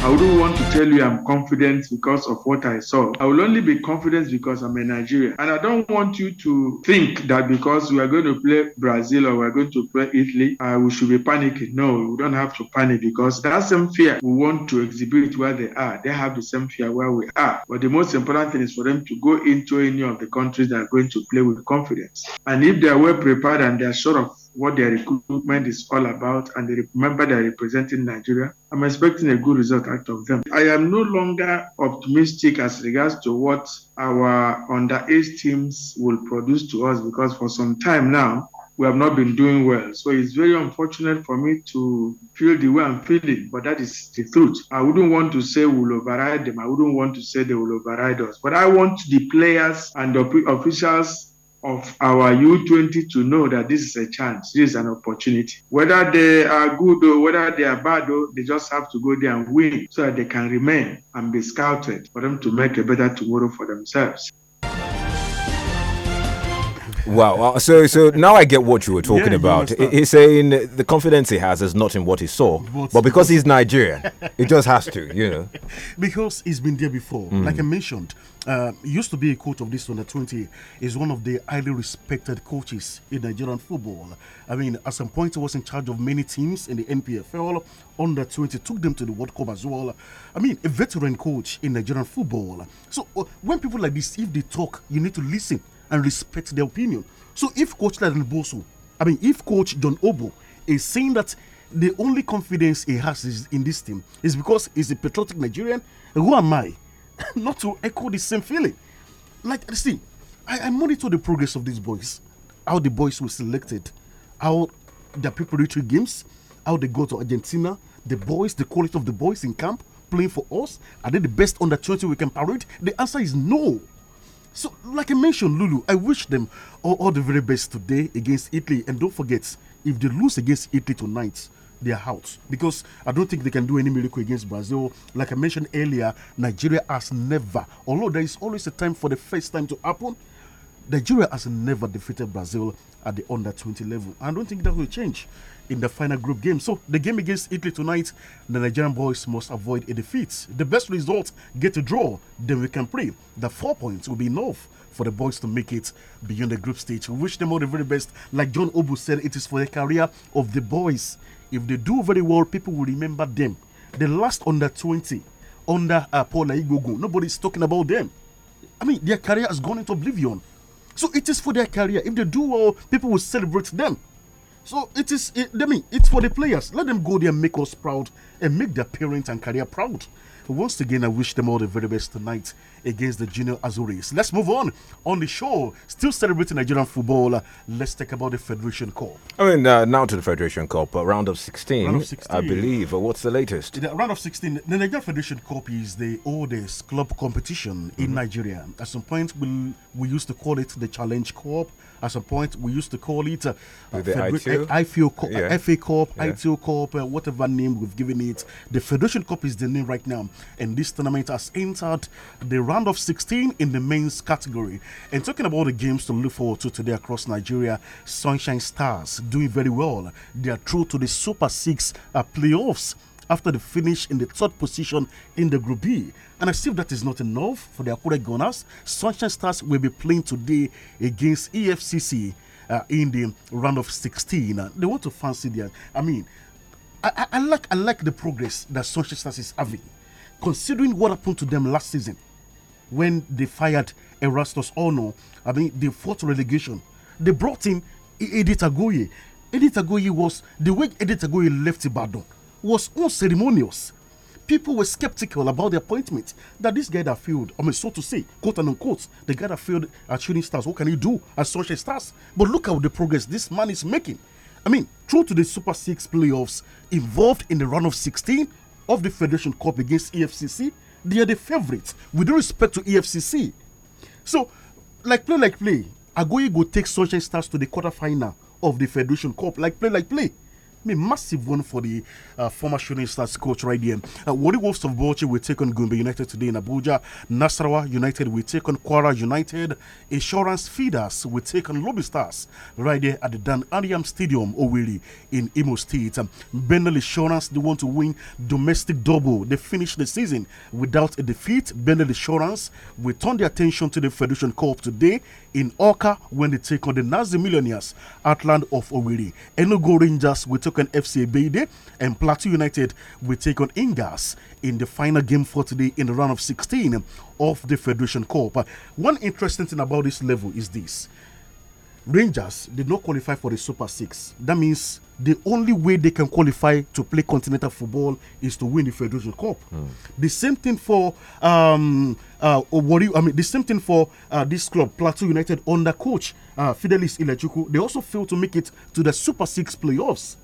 I wouldn't want to tell you I'm confident because of what I saw. I will only be confident because I'm a Nigerian. And I don't want you to think that because we are going to play Brazil or we're going to play Italy, uh, we should be panicking. No, we don't have to panic because that same fear we want to exhibit where they are. They have the same fear where we are. But the most important thing is for them to go into any of the countries that are going to play with confidence. And if they are well prepared and they are sure of what their recruitment is all about and they remember they're representing Nigeria. I'm expecting a good result out of them. I am no longer optimistic as regards to what our underage teams will produce to us because for some time now, we have not been doing well. So it's very unfortunate for me to feel the way I'm feeling, but that is the truth. I wouldn't want to say we'll override them. I wouldn't want to say they will override us. But I want the players and the officials of our U20 to know that this is a chance, this is an opportunity. Whether they are good or whether they are bad, or oh, they just have to go there and win so that they can remain and be scouted for them to make a better tomorrow for themselves. Wow. so so now I get what you were talking yeah, about. He's saying the confidence he has is not in what he saw, but because he's Nigerian, it just has to, you know. Because he's been there before. Mm. Like I mentioned, uh, used to be a coach of this under 20, is one of the highly respected coaches in Nigerian football. I mean, at some point, he was in charge of many teams in the NPFL, under 20, took them to the World Cup as well. I mean, a veteran coach in Nigerian football. So uh, when people like this, if they talk, you need to listen and respect their opinion. So if Coach Laden Boso, I mean, if Coach John Obo is saying that the only confidence he has is in this team is because he's a patriotic Nigerian, who am I not to echo the same feeling? Like, see, I, I monitor the progress of these boys, how the boys were selected, how the preparatory games, how they go to Argentina, the boys, the quality of the boys in camp playing for us? Are they the best under 20 we can parade? The answer is no. So, like I mentioned, Lulu, I wish them all, all the very best today against Italy. And don't forget, if they lose against Italy tonight, they are out because I don't think they can do any miracle against Brazil. Like I mentioned earlier, Nigeria has never, although there is always a time for the first time to happen, Nigeria has never defeated Brazil at the under 20 level. I don't think that will change in the final group game. So the game against Italy tonight, the Nigerian boys must avoid a defeat. The best result get a draw, then we can play. The four points will be enough for the boys to make it beyond the group stage. We wish them all the very best. Like John Obu said, it is for the career of the boys. If they do very well, people will remember them. The last under 20, under uh, Paul Igogo, nobody's talking about them. I mean, their career has gone into oblivion. So it is for their career. If they do well, people will celebrate them. So it is, it, I mean, it's for the players. Let them go there and make us proud and make their parents and career proud. Once again, I wish them all the very best tonight against the Junior Azores. Let's move on on the show. Still celebrating Nigerian football. Uh, let's talk about the Federation Cup. I mean, uh, now to the Federation Cup, uh, round, of 16, round of 16, I believe. Uh, what's the latest? The round of 16, the Nigerian Federation Cup is the oldest club competition mm -hmm. in mm-hmm. Nigeria. At some point, we we used to call it the Challenge Cup. At some point, we used to call it uh, the ITO? IFO Cup, yeah. FA Cup, yeah. ITO Cup, uh, whatever name we've given it it. The Federation Cup is the name right now, and this tournament has entered the round of 16 in the men's category. And talking about the games to look forward to today across Nigeria, Sunshine Stars doing very well. They are through to the Super Six uh, playoffs after the finish in the third position in the Group B. And as if that is not enough for the Akure Gunners, Sunshine Stars will be playing today against EFCC. Uh, in the round of 16. Uh, they want to fancy their. I mean, I, I, like I like the progress that Stars is having, considering what happened to them last season when they fired Erastus Ono. I mean, they fought relegation. They brought in Edith Agoye. Edith Agoye was the way Edith Agoye left Ibadan was unceremonious. People were skeptical about the appointment that this guy that failed, I mean, so to say, quote and unquote, the guy that failed at shooting stars. What can he do at social stars? But look at the progress this man is making. I mean, true to the Super Six playoffs involved in the run of 16 of the Federation Cup against EFCC, they are the favorites with respect to EFCC. So, like play, like play, Agoye go take Sunshine Stars to the quarterfinal of the Federation Cup, like play, like play. I mean, massive one for the uh, former shooting stars coach right here. Uh, Wolves of Bochi will take on Gumbi United today in Abuja. Nasarawa United will take on Quara United. Insurance Feeders will take on Lobby Stars right there at the Dan Ariam Stadium, Oweri, in Imo State. Um, Insurance, they want to win domestic double. They finished the season without a defeat. Benel Insurance will turn their attention to the Federation Cup today in Oka when they take on the Nazi Millionaires, Land of Oweri. Enugu Rangers will take and on FC Beide, and Plateau United will take on Ingas in the final game for today in the round of 16 of the Federation Cup. One interesting thing about this level is this. Rangers did not qualify for the Super Six. That means the only way they can qualify to play continental football is to win the Federation Cup. Mm. The same thing for um, uh, I mean, the same thing for uh, this club, Plateau United, under coach uh, Fidelis Ilechuku. They also failed to make it to the Super Six playoffs.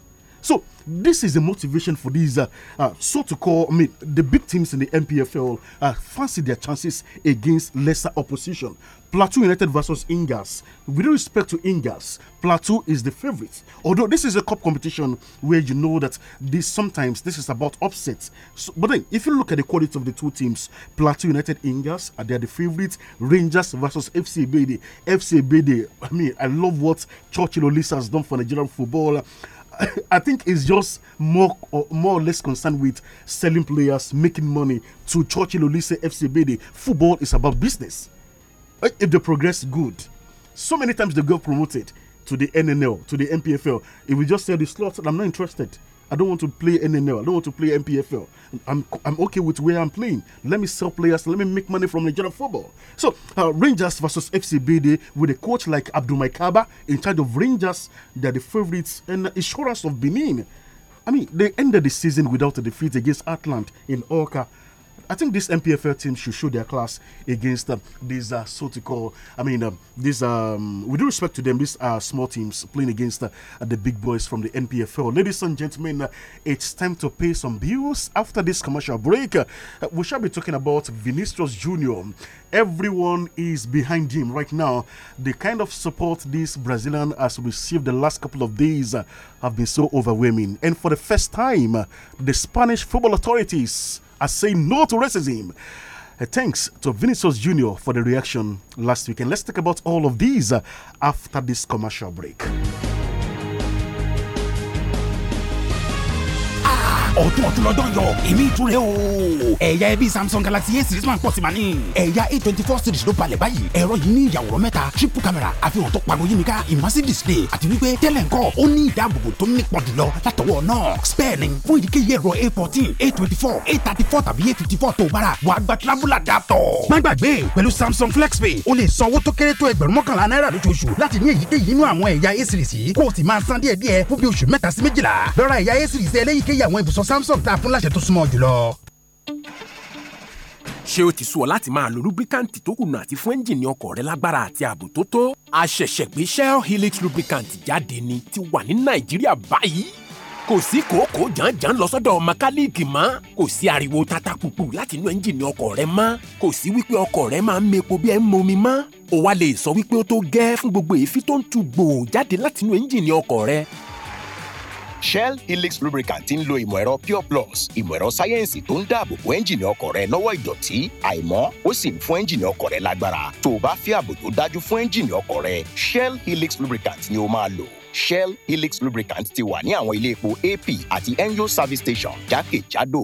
So this is the motivation for these, uh, uh, so to call, I mean, the big teams in the MPFL uh, fancy their chances against lesser opposition. Plateau United versus Ingas. With respect to Ingas, Plateau is the favorite. Although this is a cup competition where you know that this sometimes this is about upsets. So, but then, if you look at the quality of the two teams, Plateau United Ingas are uh, they are the favorite. Rangers versus FC Bede. FC Bede. I mean, I love what Churchill Olisa has done for Nigerian football. I think it's just more or more or less concerned with selling players, making money to Churchill, Olise, FC Bede. Football is about business. If they progress, good. So many times they got promoted to the NNL, to the MPFL. If we just sell the slots, I'm not interested. I don't want to play NNL. I don't want to play MPFL. I'm, I'm okay with where I'm playing. Let me sell players. Let me make money from Nigerian football. So, uh, Rangers versus FCBD with a coach like Abdul Kaba in charge of Rangers. They're the favorites and assurance of Benin. I mean, they ended the season without a defeat against Atlant in Orca. I think this MPFL team should show their class against uh, these uh, so to call. I mean, um, these um, with due respect to them, these uh, small teams playing against uh, the big boys from the NPFL. Ladies and gentlemen, uh, it's time to pay some bills. After this commercial break, uh, we shall be talking about Vinicius Junior. Everyone is behind him right now. The kind of support this Brazilian has received the last couple of days uh, have been so overwhelming, and for the first time, the Spanish football authorities as saying no to racism. Uh, thanks to Vinicius Jr. for the reaction last week. And let's talk about all of these uh, after this commercial break. ọ̀tún ọ̀tún lọ́jọ́ yọ èmi ìtúre o. ẹ̀yà ẹbí Samsung Galaxy a series máa ń pọ̀ sí ma ní. ẹ̀yà a twenty four series ló balẹ̀ báyìí ẹ̀rọ yìí ní ìyàwòrán mẹ́ta triple camera àfihàn tó pariwo yí mi ká immersive display àti wípé tẹ́lẹ̀ ńkọ́ ó ní ìdáàbòbò tó nípọn jùlọ látọwọ́ náà spare ni fún ìdíkéyìí ẹ̀rọ a fourteen a twenty four a thirty four tàbí a fifty four tó bára wàá gba travel adapter. má gbàgbé pẹ̀lú Samsung FlexPay o lè san tó kéré tó ẹgbẹ̀rún mọ́kànlá series yìí kó sọ samsung tá a fún láṣẹ tó súnmọ́ jùlọ. ṣé o ti sú ọ láti máa lo lubricant tó kùnà àti fún ẹ́ńjìnì ọkọ̀ rẹ lágbára àti ààbò tó tó? a gbé shell helix lubricant jáde ni ti wà ní nàìjíríà báyìí kò sí kòókòó jàǹjàǹ lọ sọ́dọ̀ mẹkáníìkì mọ́ kò sí ariwo tata pupu láti inú ẹ́ńjìnì ọkọ̀ rẹ mọ́ kò sí wípé ọkọ̀ rẹ máa ń mepo bí ẹ ń momi mọ́ o wá lè sọ wípé ó tó gẹ́ fún gbogbo èéfín tó ń tu gbòò jáde láti inú ẹ́ńjìnì rẹ Shell Helix lubricant ń lo ìmọ̀ ẹ̀rọ Pure Plus ìmọ̀ ẹ̀rọ sáyẹ́ǹsì tó ń dáàbò bo ẹ́ńjìnì ọkọ̀ rẹ lọ́wọ́ ìdọ̀tí àìmọ́ ó sì ń fún ẹ́ńjìnì ọkọ̀ rẹ lágbára tó o bá fẹ́ ààbò tó dájú fún ẹ́ńjìnì ọkọ̀ rẹ Shell Helix lubricant ni o máa lò Shell Helix lubricant ti wà ní àwọn ilé epo AP àti Enyo service station jákèjádò.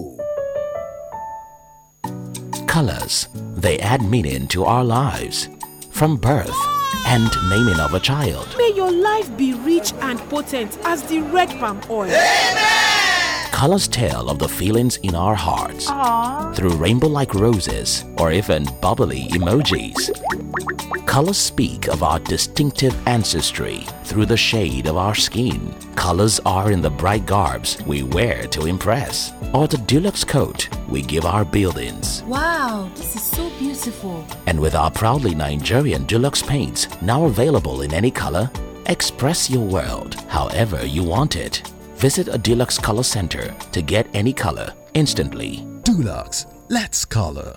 Colors, they add meaning to our lives, from birth and naming of a child. May your life be rich and potent as the red palm oil. Amen colors tell of the feelings in our hearts Aww. through rainbow like roses or even bubbly emojis. Colors speak of our distinctive ancestry through the shade of our skin. Colors are in the bright garbs we wear to impress or the deluxe coat we give our buildings. Wow, this is so beautiful. And with our proudly Nigerian deluxe paints now available in any color, express your world however you want it. Visit a Dulux Color Center to get any color instantly. Dulux, let's color.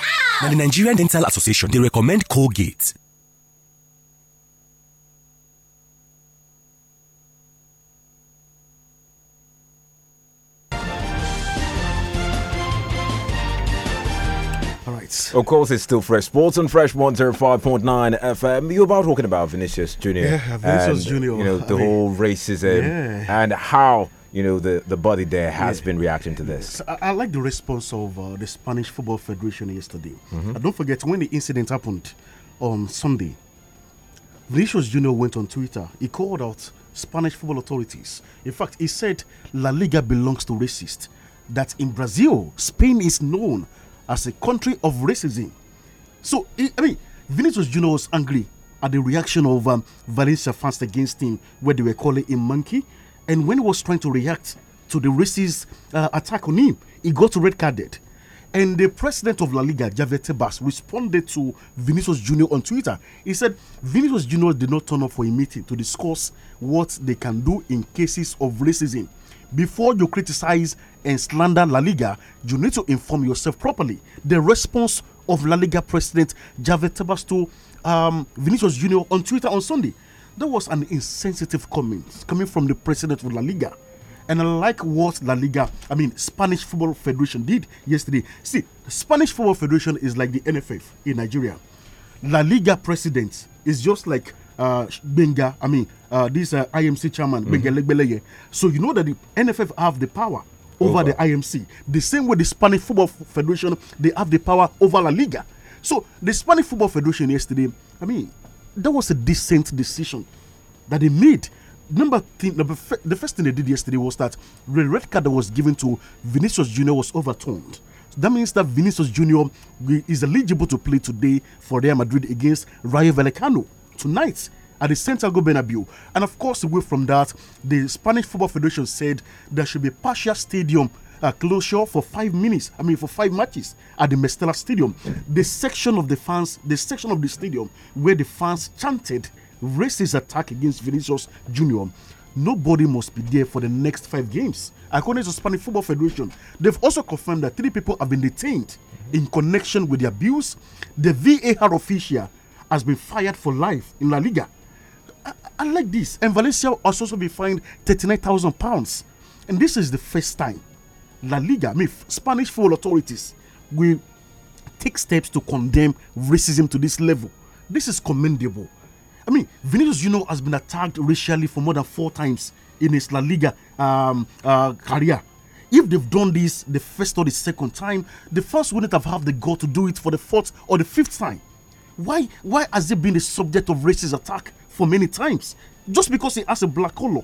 Now, the Nigerian Dental Association, they recommend Colgate. All right. Of course, it's still Fresh Sports and Fresh 105.9 FM. You're about talking about Vinicius Jr. Yeah, Vinicius and, Jr. You know, the I whole mean, racism yeah. and how you know, the, the body there has yeah. been reacting to this. So I, I, like the response of uh, the Spanish Football Federation yesterday. Mm-hmm. don't forget, when the incident happened on Sunday, Vinicius Junior went on Twitter. He called out Spanish football authorities. In fact, he said La Liga belongs to racists. That in Brazil, Spain is known as a country of racism. So, I mean, Vinicius Junior was angry at the reaction of um, Valencia fans against him, where they were calling him monkey, and when he was trying to react to the racist uh, attack on him, he got red carded. And the president of La Liga, Javier Tebas, responded to Vinicius Jr. on Twitter. He said, Vinicius Jr. did not turn up for a meeting to discuss what they can do in cases of racism. Before you criticize and slander La Liga, you need to inform yourself properly. The response of La Liga president Javier Tebas to um, Vinicius Jr. on Twitter on Sunday that was an insensitive comment coming from the president of La Liga. And I like what La Liga, I mean, Spanish Football Federation did yesterday. See, Spanish Football Federation is like the NFF in Nigeria. La Liga president is just like uh, Benga, I mean, uh, this uh, IMC chairman, mm -hmm. Benga mm-hmm. So you know that the NFF have the power over, over the IMC. The same way the Spanish Football Federation, they have the power over La Liga. So the Spanish Football Federation yesterday, I mean, that was a decent decision that they made. Number thing, number the first thing they did yesterday was that the red card that was given to Vinicius Junior was overturned. So that means that Vinicius Junior is eligible to play today for Real Madrid against Rayo Vallecano tonight at the Santiago Bernabeu. And of course, away from that, the Spanish Football Federation said there should be partial stadium uh, closure for five minutes. I mean, for five matches at the Mestella Stadium. The section of the fans, the section of the stadium where the fans chanted racist attack against Vinicius Junior. Nobody must be there for the next five games. According to Spanish Football Federation, they've also confirmed that three people have been detained in connection with the abuse. The VAR official has been fired for life in La Liga. I, I like this. And Valencia has also been fined 39,000 pounds. And this is the first time La Liga, I mean, Spanish football authorities will take steps to condemn racism to this level. This is commendable. I mean, Vinicius Junior has been attacked racially for more than four times in his La Liga um, uh, career. If they've done this the first or the second time, the 1st wouldn't have had the goal to do it for the fourth or the fifth time. Why? Why has he been the subject of racist attack for many times? Just because he has a black color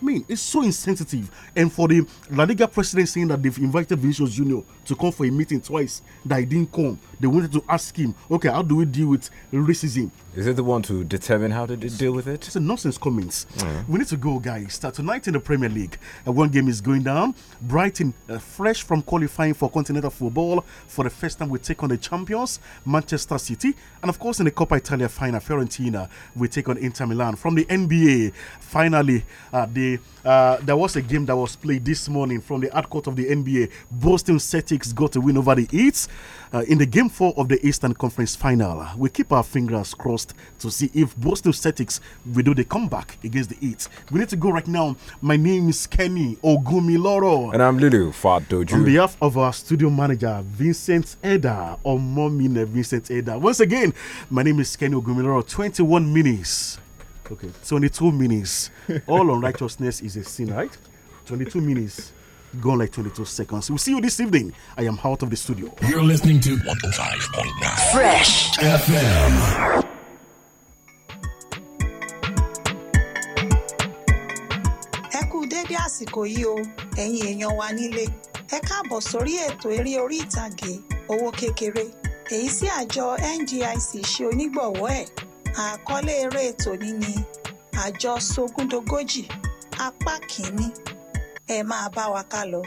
I mean, it's so insensitive. And for the La Liga president saying that they've invited Vinicius Junior to come for a meeting twice, that he didn't come they wanted to ask him, okay, how do we deal with racism? Is it the one to determine how to deal with it? It's a nonsense comments. Mm. We need to go, guys. Start tonight in the Premier League. Uh, one game is going down. Brighton, uh, fresh from qualifying for continental football, for the first time we take on the champions, Manchester City. And of course, in the Coppa Italia final, Fiorentina, we take on Inter Milan. From the NBA, finally, uh, the, uh, there was a game that was played this morning from the hard court of the NBA. Boston Celtics got a win over the Heat uh, in the game four of the Eastern Conference final. We keep our fingers crossed to see if Boston Celtics will do the comeback against the Heat. We need to go right now. My name is Kenny Ogumiloro. And I'm Lulu Fatoju. On behalf of our studio manager, Vincent Eda, or Momine Vincent Eda. Once again, my name is Kenny Ogumiloro. 21 minutes. Okay, 22 minutes. All unrighteousness is a sin, right? 22 minutes. gone like 22 seconds. We'll see you this evening. I am out of the studio. You're listening to 105.9 Fresh FM. ẹ kú dédé àsìkò yìí o ẹ̀yin èèyàn wa nílé ẹ káàbọ̀ sórí ètò eré orí ìtàgé owó kékeré èyí sí àjọ NDIC ṣe onígbọ̀wọ́ ẹ̀ àkọlé eré ètò ní àjọ sógúndogójì apá kìíní ẹ máa bá wa ká lọ.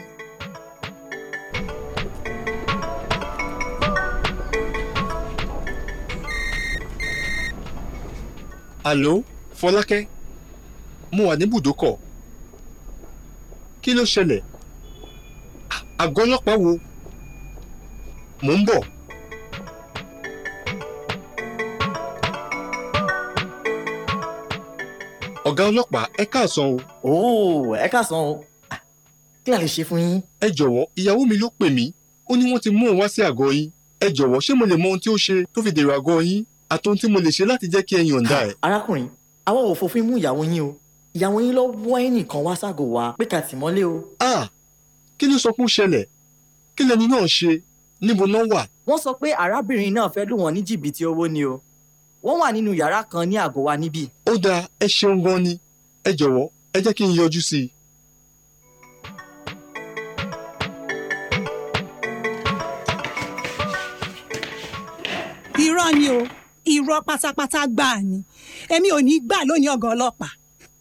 àló fọlákẹ́ mo wà ní bùdókọ̀ kí ló ṣẹlẹ̀ àgọ́ ọlọ́pàá wo mò ń bọ̀. ọ̀gá ọlọ́pàá ẹ káàsán o. ẹ káàsán o kí la lè ṣe fún yín. ẹ jọ̀wọ́ ìyàwó mi ló pè mí ó ní wọ́n ti mú òun wá sí àgọ́ yín ẹ jọ̀wọ́ ṣé mo lè mọ ohun tí ó ṣe tó fi dèrò àgọ́ yín àtohun tí mo lè ṣe láti jẹ́ kí ẹ yọ̀ǹda ẹ̀. arákùnrin àwa ò fòfin mú ìyàwó yín o ìyàwó yín lọ wọ́ ẹnìkan wá ságò wa pé ká tì mọ́lé o. a kí ló sọ pé ṣẹlẹ̀ kí lẹni náà ṣe níbo náà wà. wọ́n sọ pé arábìnrin náà fẹ́ lù wọ́n ní jìbìtì owó ni o wọ́n wà nínú yàrá kan ní àgọ́ wa níbí. ó dáa ẹ ṣeun gan ni ẹ jọ̀wọ́ ẹ jẹ́ kí n yọjú sí i. irọ́ ni o irọ́ pátápátá gbáà ni èmi ò ní gbà lónìí ọ̀gá ọlọ́pàá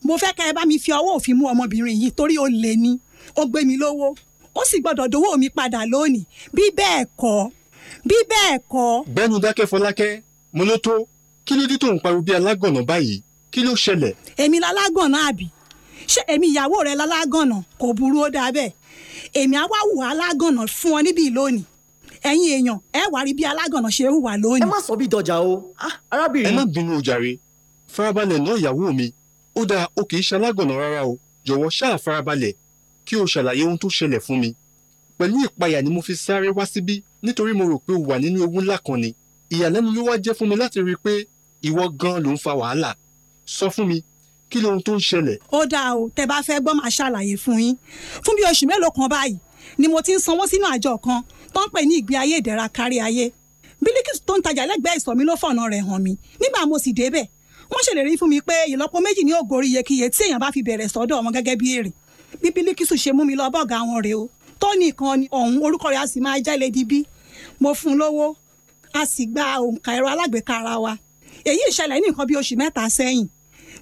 mo fẹ́ ká ẹ bá mi fi ọwọ́ òfin mú ọmọbìnrin yìí torí ó lè ní ó gbé mi lówó ó sì gbọ́dọ̀ dowó mi padà lónìí bí bẹ́ẹ̀ kọ́ bí bẹ́ẹ̀ kọ́. bẹ́ẹ̀ni dákẹ́ fọlákẹ́ mo ló tó kí ló dé tó ń pariwo bí alágànná báyìí kí ló ṣẹlẹ̀. èmi lalágànná àbí ṣé èmi ìyàwó rẹ lalágànná kò burú ó dáa bẹ́ẹ̀ èmi á wá wù alágànná fún ọ níbí lónìí ẹ̀yin èèyàn ẹ wá rí bí alágànná ṣe ń wà lónìí. ẹ má sọ bí dọjà o ah. Ah, arábìnrin. ẹ má bínú jàre farabalẹ̀ náà ìyàwó mi ó dáa ó kì í ṣalágànná rárá o jọ̀wọ́ ṣáà farabalẹ̀ kí o ṣàlàyé ohun tó ṣẹlẹ̀ fún mi pẹ̀lú ìpayà ni mo fi sáré wá síbí nítorí mo rò pé o wà nínú ewu ńlá kan ni ìyàlẹ́nu ló wá jẹ́ fún mi láti rí i pé ìwọ gan ló ń fa wàhálà sọ fún mi kí lohun tó ń ṣẹlẹ̀. ó dáa o tẹ bá fẹ́ gbọ́ máa ṣàlàyé fún yín fún bí oṣù mélòó kan báyìí ni mo ti ń sanwó sínú àjọ kan tó ń pè ní ìgbé ayé ìdẹ̀ra kárí ayé Bílíkìsù tó ń tajà lẹ́gbẹ̀ẹ́ ìsọ̀ mi ló fọ̀nà rẹ̀ hàn mi nígbà mo sì débẹ̀ wọ́n ṣèlérí fún mi pé ìlọ́po méjì ní ògòrí iyekíye tí èèyàn bá fi bẹ̀rẹ̀ sọ́dọ̀ wọn gẹ́gẹ́ bí èrè bí Bílíkìsù ṣe mú mi lọ bọ́ọ̀gà wọn rèé o tó nìkan ọ̀hún orúkọ rẹ̀ a sì máa jáde di bí mo fún un lówó a sì gba òǹkà ẹ̀rọ alágbèéká ara wa èyí ìṣẹ̀lẹ̀ ní nǹkan bí oṣù mẹ́ta sẹ́yìn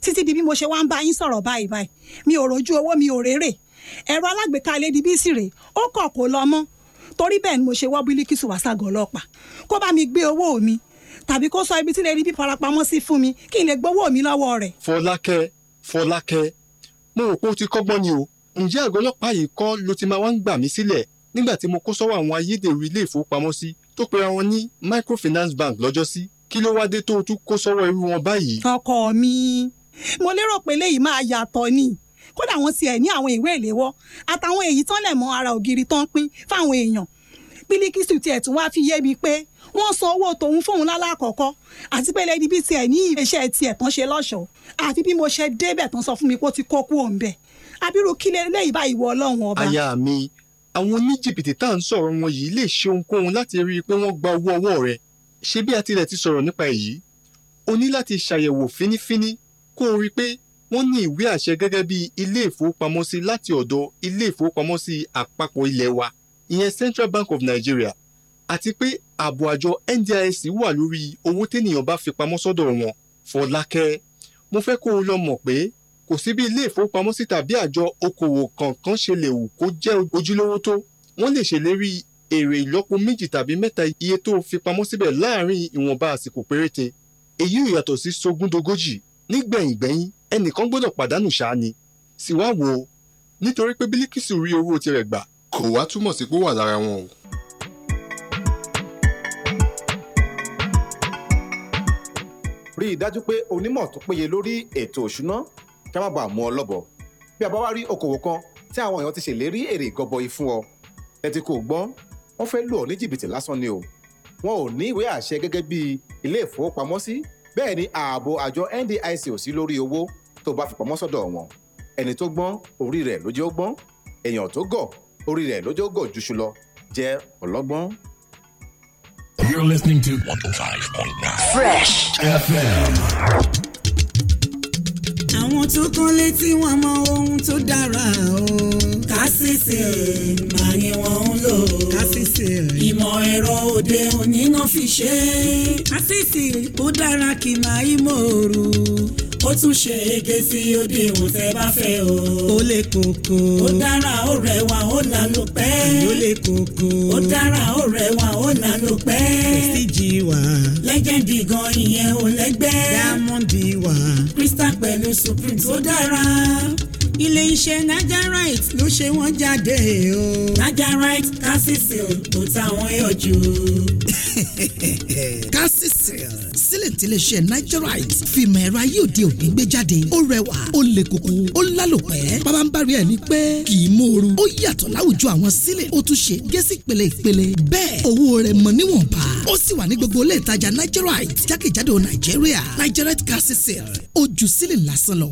títí di bí mo ṣe wá ń bá yín sọ̀rọ̀ báyìí báyìí mi ò rojú owó mi ò rérè ẹ̀rọ alágbèéká ilé di bí sì rèé ó kọ̀ kó lọ mọ́ torí bẹ́ẹ̀ ni mo ṣe wọ́ Bílíkísù wá ságọ́ ọlọ́pàá kó bá mi gbé owó mi tàbí kó sọ ibi tí lè rí bí farapamọ́ sí fún mi kí n lè gbowó mi lọ́wọ́ rẹ̀. Fọlákẹ́ Fọlákẹ́ mo rò pé o ti kọ́gbọ́n ni o ǹjẹ́ àgọ́ ọlọ́pàá yìí kọ́ ló ti máa wá ń gbà mí sílẹ̀ nígbà tí mo kó sọ́wọ́ àwọn ayédèrú ilé ìfowópamọ́sí tó pera wọn ní microfinance bank lọ́jọ́sí kí ló wá dé tó o tún kó sọ́wọ́ irú wọn báyìí. ọkọ mi mo lérò pé léyìí máa yàtọ̀ ni kódà wọ́n tiẹ̀ ní àwọn ìwé ìléwọ́ àtàwọn èyí tán lẹ̀ mọ́ ara ògiri tán pín fáwọn èèyàn Bílíkísù tiẹ̀ tún wá fi yé mi pé wọ́n san owó tòun fóun lálàkọ̀kọ́ àti pé lẹ́ni bí tiẹ̀ ní iṣẹ́ tiẹ̀ tán ṣe lọ́ṣọ̀ọ́ àfi bí mo ṣe débẹ̀ tán sọ fún mi pé ó ti kó kú òun bẹ̀ abirú kí lélẹ́yìí báyìí wọ ọlọ́run ọba. aya mi àwọn oníjìbìtì tá à ń sọ̀rọ̀ wọn yìí lè ṣe ohunkóhun láti rí i pé wọ́n gba owó ọwọ́ rẹ̀ ṣé bí a tilẹ̀ ti sọ̀rọ̀ nípa èyí o ní láti ṣàyẹ̀wò fínífíní kó o rí i pé wọ́n ní ìwé àṣẹ gẹ́gẹ́ bí ilé ìfowópamọ́sí láti ọ̀dọ̀ ilé ìfowópamọ́sí àpapọ̀ ilẹ̀ wa ìyẹn Central Bank of Nigeria àti pé ààbò àjọ NDIC wà lórí owó ténìyàn bá fi pamọ́ sọ́dọ̀ wọn Fọlákẹ́ mo fẹ́ kó o lọ mọ̀ pé kò sí bí ilé ìfowópamọ́sí tàbí àjọ okòwò kankan ṣe lè wù kó jẹ́ ojúlówó tó wọ́n lè ṣèlérí èrè ìlọ́po méjì tàbí mẹ́ta iye tó fi pamọ́ síbẹ̀ láàrin ìwọ̀nba àsìkò péréte èyí ò yàtọ̀ sí sógúndogójì nígbẹ̀yìngbẹ̀yìn ẹnìkan gbọ́dọ̀ pàdánù ṣáá ni sì wá wò ó nítorí pé bílíkìsù rí owó tirẹ̀ gbà kò wá túmọ̀ sí pé ó wà lára wọn o. rí i dájú pé onímọ̀ tó péye lórí ètò òṣùná kí a má bàa mú ọ lọ́bọ bí a bá wá rí okòwò kan tí àwọn èèyàn ti ṣèlérí èrè gọbọi fún ọ tẹ́tí kò gbọ́n wọ́n fẹ́ lù ọ ní jìbìtì lásán ni o wọn ò ní ìwé àṣẹ gẹ́gẹ́ bí ilé ìfowópamọ́sí bẹ́ẹ̀ ni ààbò àjọ NDIC ò sí lórí owó tó bá fi pamọ́ sọ́dọ̀ wọn ẹni tó gbọ́n orí rẹ̀ ló jẹ́ ó gbọ́n èèyàn tó gọ̀ orí rẹ̀ ló jẹ́ ó gọ̀ jùṣu lọ jẹ́ ọlọ́gbọ́n. You're listening to 105.9 Fresh FM. Àwọn tó kán létí wọn mọ ohun tó dára o. Kásìsì máa ni wọ́n ń lò. Kásìsì. Ìmọ̀ ẹ̀rọ òde òní náà fi ṣe. Kásìsì ó dára kì máa ń mòrò ó tún ṣe ege sí odi ìwò tẹ́ bá fẹ́ o. ó lè kókó. ó dára ó rẹwà ó lànà pẹ́. ó lè kókó. ó dára ó rẹwà ó lànà pẹ́. prestige wà. lẹ́gẹ̀dì gan ìyẹn ò lẹ́gbẹ́. diamond wà. crystal pẹ̀lú supreme tó dára ilé iṣẹ́ Nigerite ló ṣe wọ́n jáde o. Nigerite calcicil kò táwọn yọ jù. calcicil sílẹ̀ tí ilé iṣẹ́ Nigerite fìmọ̀ ẹ̀rọ ayé òde òní gbé jáde ó rẹwà ó le koko ó lálòpẹ́ bàbá ń bá rí ẹ̀ ní pẹ́ kì í mòoru ó yàtọ̀ láwùjọ àwọn sílẹ̀ ó tún ṣe gẹ́sì pèlè ìpèlè bẹ́ẹ̀ owó rẹ̀ mọ̀ níwọ̀nba ó sì wà ní gbogbo ilé ìtajà Nigerite jákèjádò Nàìjíríà Nigerite calcicil ojú sílẹ̀ lásán lọ.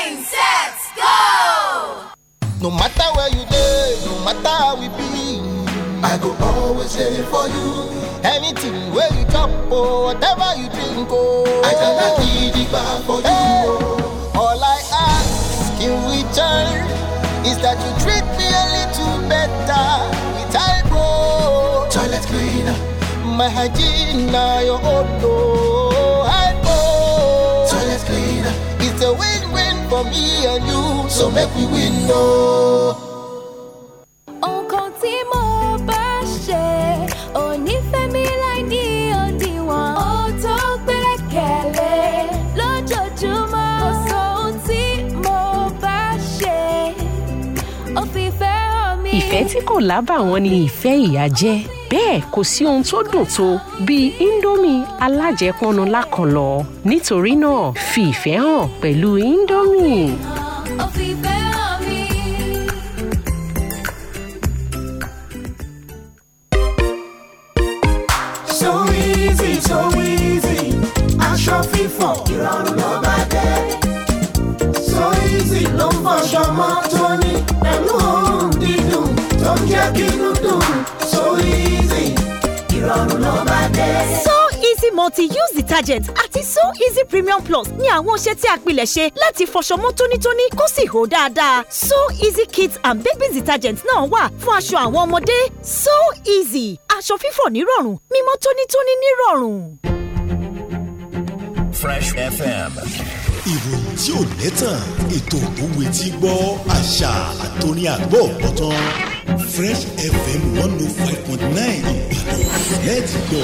No matter where you live, no matter how we be, I go always there for you. Anything where you chop or whatever you drink, oh, I cannot be the for hey. you. Eh, all I ask in return is that you treat me a little better with Toilet cleaner, my hygiene, now your own. for me and you, so make we win, no. Oh, Contimo. ìfẹ́ tí kò lábàwọ́n ni ìfẹ́ ìyá jẹ́ bẹ́ẹ̀ kò sí ohun tó dùn tó bíi indomie alájẹpọnu lákọlọ nítorí náà fi ìfẹ́ hàn pẹ̀lú indomie. so easy so easy aṣọ fífọ̀ ìrọ̀rùn ló bá dé so easy ló ń fọṣọ mọ́ tóní so easy multi-use detergent àti so easy premium plus ní àwọn ọṣẹ tí a pilẹ̀ ṣe láti fọṣọ mọ́ tónítóní kó sì hó dáadáa so easy kids and baby detergent náà wà fún aṣọ àwọn ọmọdé so easy aṣọ fífọ̀ nírọ̀rùn mímọ́ tónítóní nírọ̀rùn. Fresh FM ìròyìn tí ò lẹ́tàn ètò òwe tí gbọ́ àṣà àtòní àgbọ̀ ọ̀tán Fresh FM one oh five point nine Ìbàdàn let's go.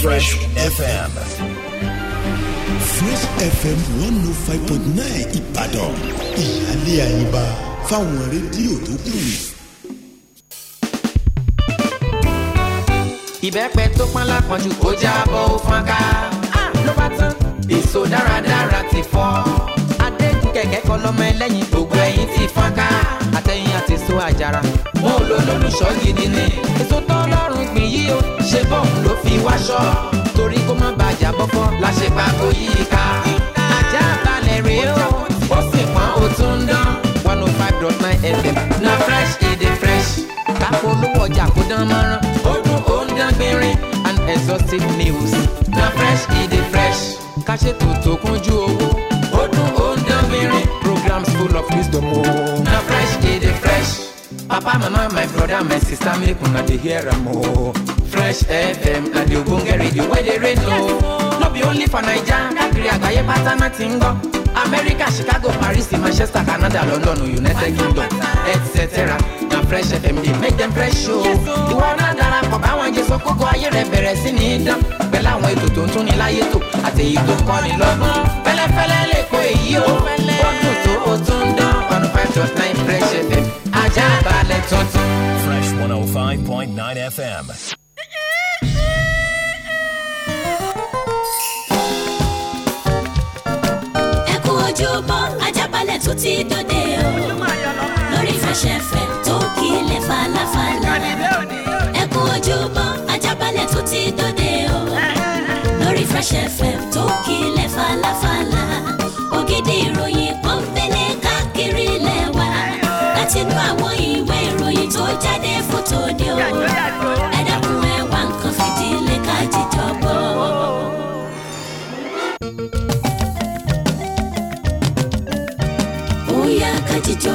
Fresh, FM. Fresh FM one oh five point nine Ìbàdàn ìyáálé àyíbá fáwọn rédíò tó kù. ìbẹ́pẹ tó pọ́n lápọ̀jù ó jábọ̀ ó fọ́n ká ah, ló bá tán èso dáradára ti fọ́ adéjú kẹ̀kẹ́ kọ́ lọ́mọ ẹlẹ́yin gbogbo ẹ̀yin ti fọ́n ká àtẹ̀yìn àti èso àjàrà mo lò lólùṣọ́ gidi ni èso tọ́lọ́run gbìn yìí o ṣe bọ́ọ̀n ló fi wáṣọ torí kó má bàjá bọ́kọ́ la ṣe pa kó yí i ká ajá balẹ̀ rèé o ó sì pọ́n ó tún ń dán one oh five dot nine fm na fresh e fresh káfọ́ olówó ọjà kó dán mọ́rán ó dún ó dán gbinrin and exhaustive news na fresh e ṣètò tó kúnjú owó ó dùn ó ń programs full of wisdom o. na fresh dey dey fresh papa mama my brother my sister make una dey hear am o. fresh fm na the ogbonge radio wey dey rain o. no be only for naija káàkiri àgbáyé pátá náà ti ń gbọ́. america chicago paris manchester canada london united kingdom etc fresh fm dey make dem fresh o. ìwọ náà darapọ̀ báwọn jẹ sọ kókó ayé rẹ bẹ̀rẹ̀ sí ní dán pẹ̀lú àwọn ètò tó ń tún ní láyé tò àti èyí tó kọ́ni lọ́gbọ́n fẹ́lẹ́fẹ́lẹ́ lè po èyí o ó dùn tó o tún dán one oh five dot nine fresh fm ajá balẹ̀ tuntun. fresh one oh five point nine fm. ẹ kú ojúbọ Ajaabale tún ti dòde o oh. Fresh FM tó kílẹ̀ falafala. ẹ kú ojúmọ́ ajábalẹ̀ tó ti dòde o. lórí Fresh FM tó kílẹ̀ falafala. ògidì ìròyìn kan fẹ́lẹ̀ káàkiri lẹ́wà. láti inú àwọn ìwé ìròyìn tó jáde fótó ni o. ẹ dákun nǹkan fìdílé ká jíjọ gbọ́. ó yá ká jíjọ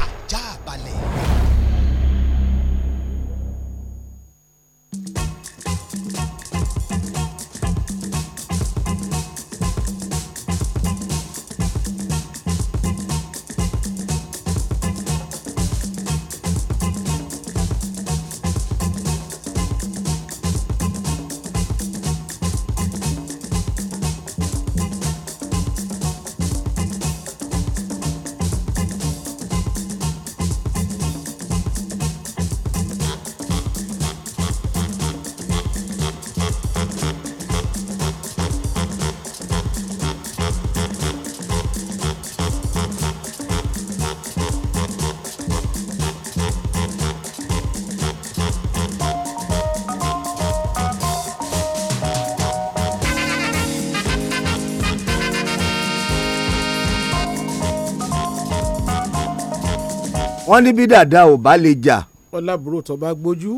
wọ́n ní bí dàda ò bá lè jà. wọ́n lábúrò tó bá gbójú.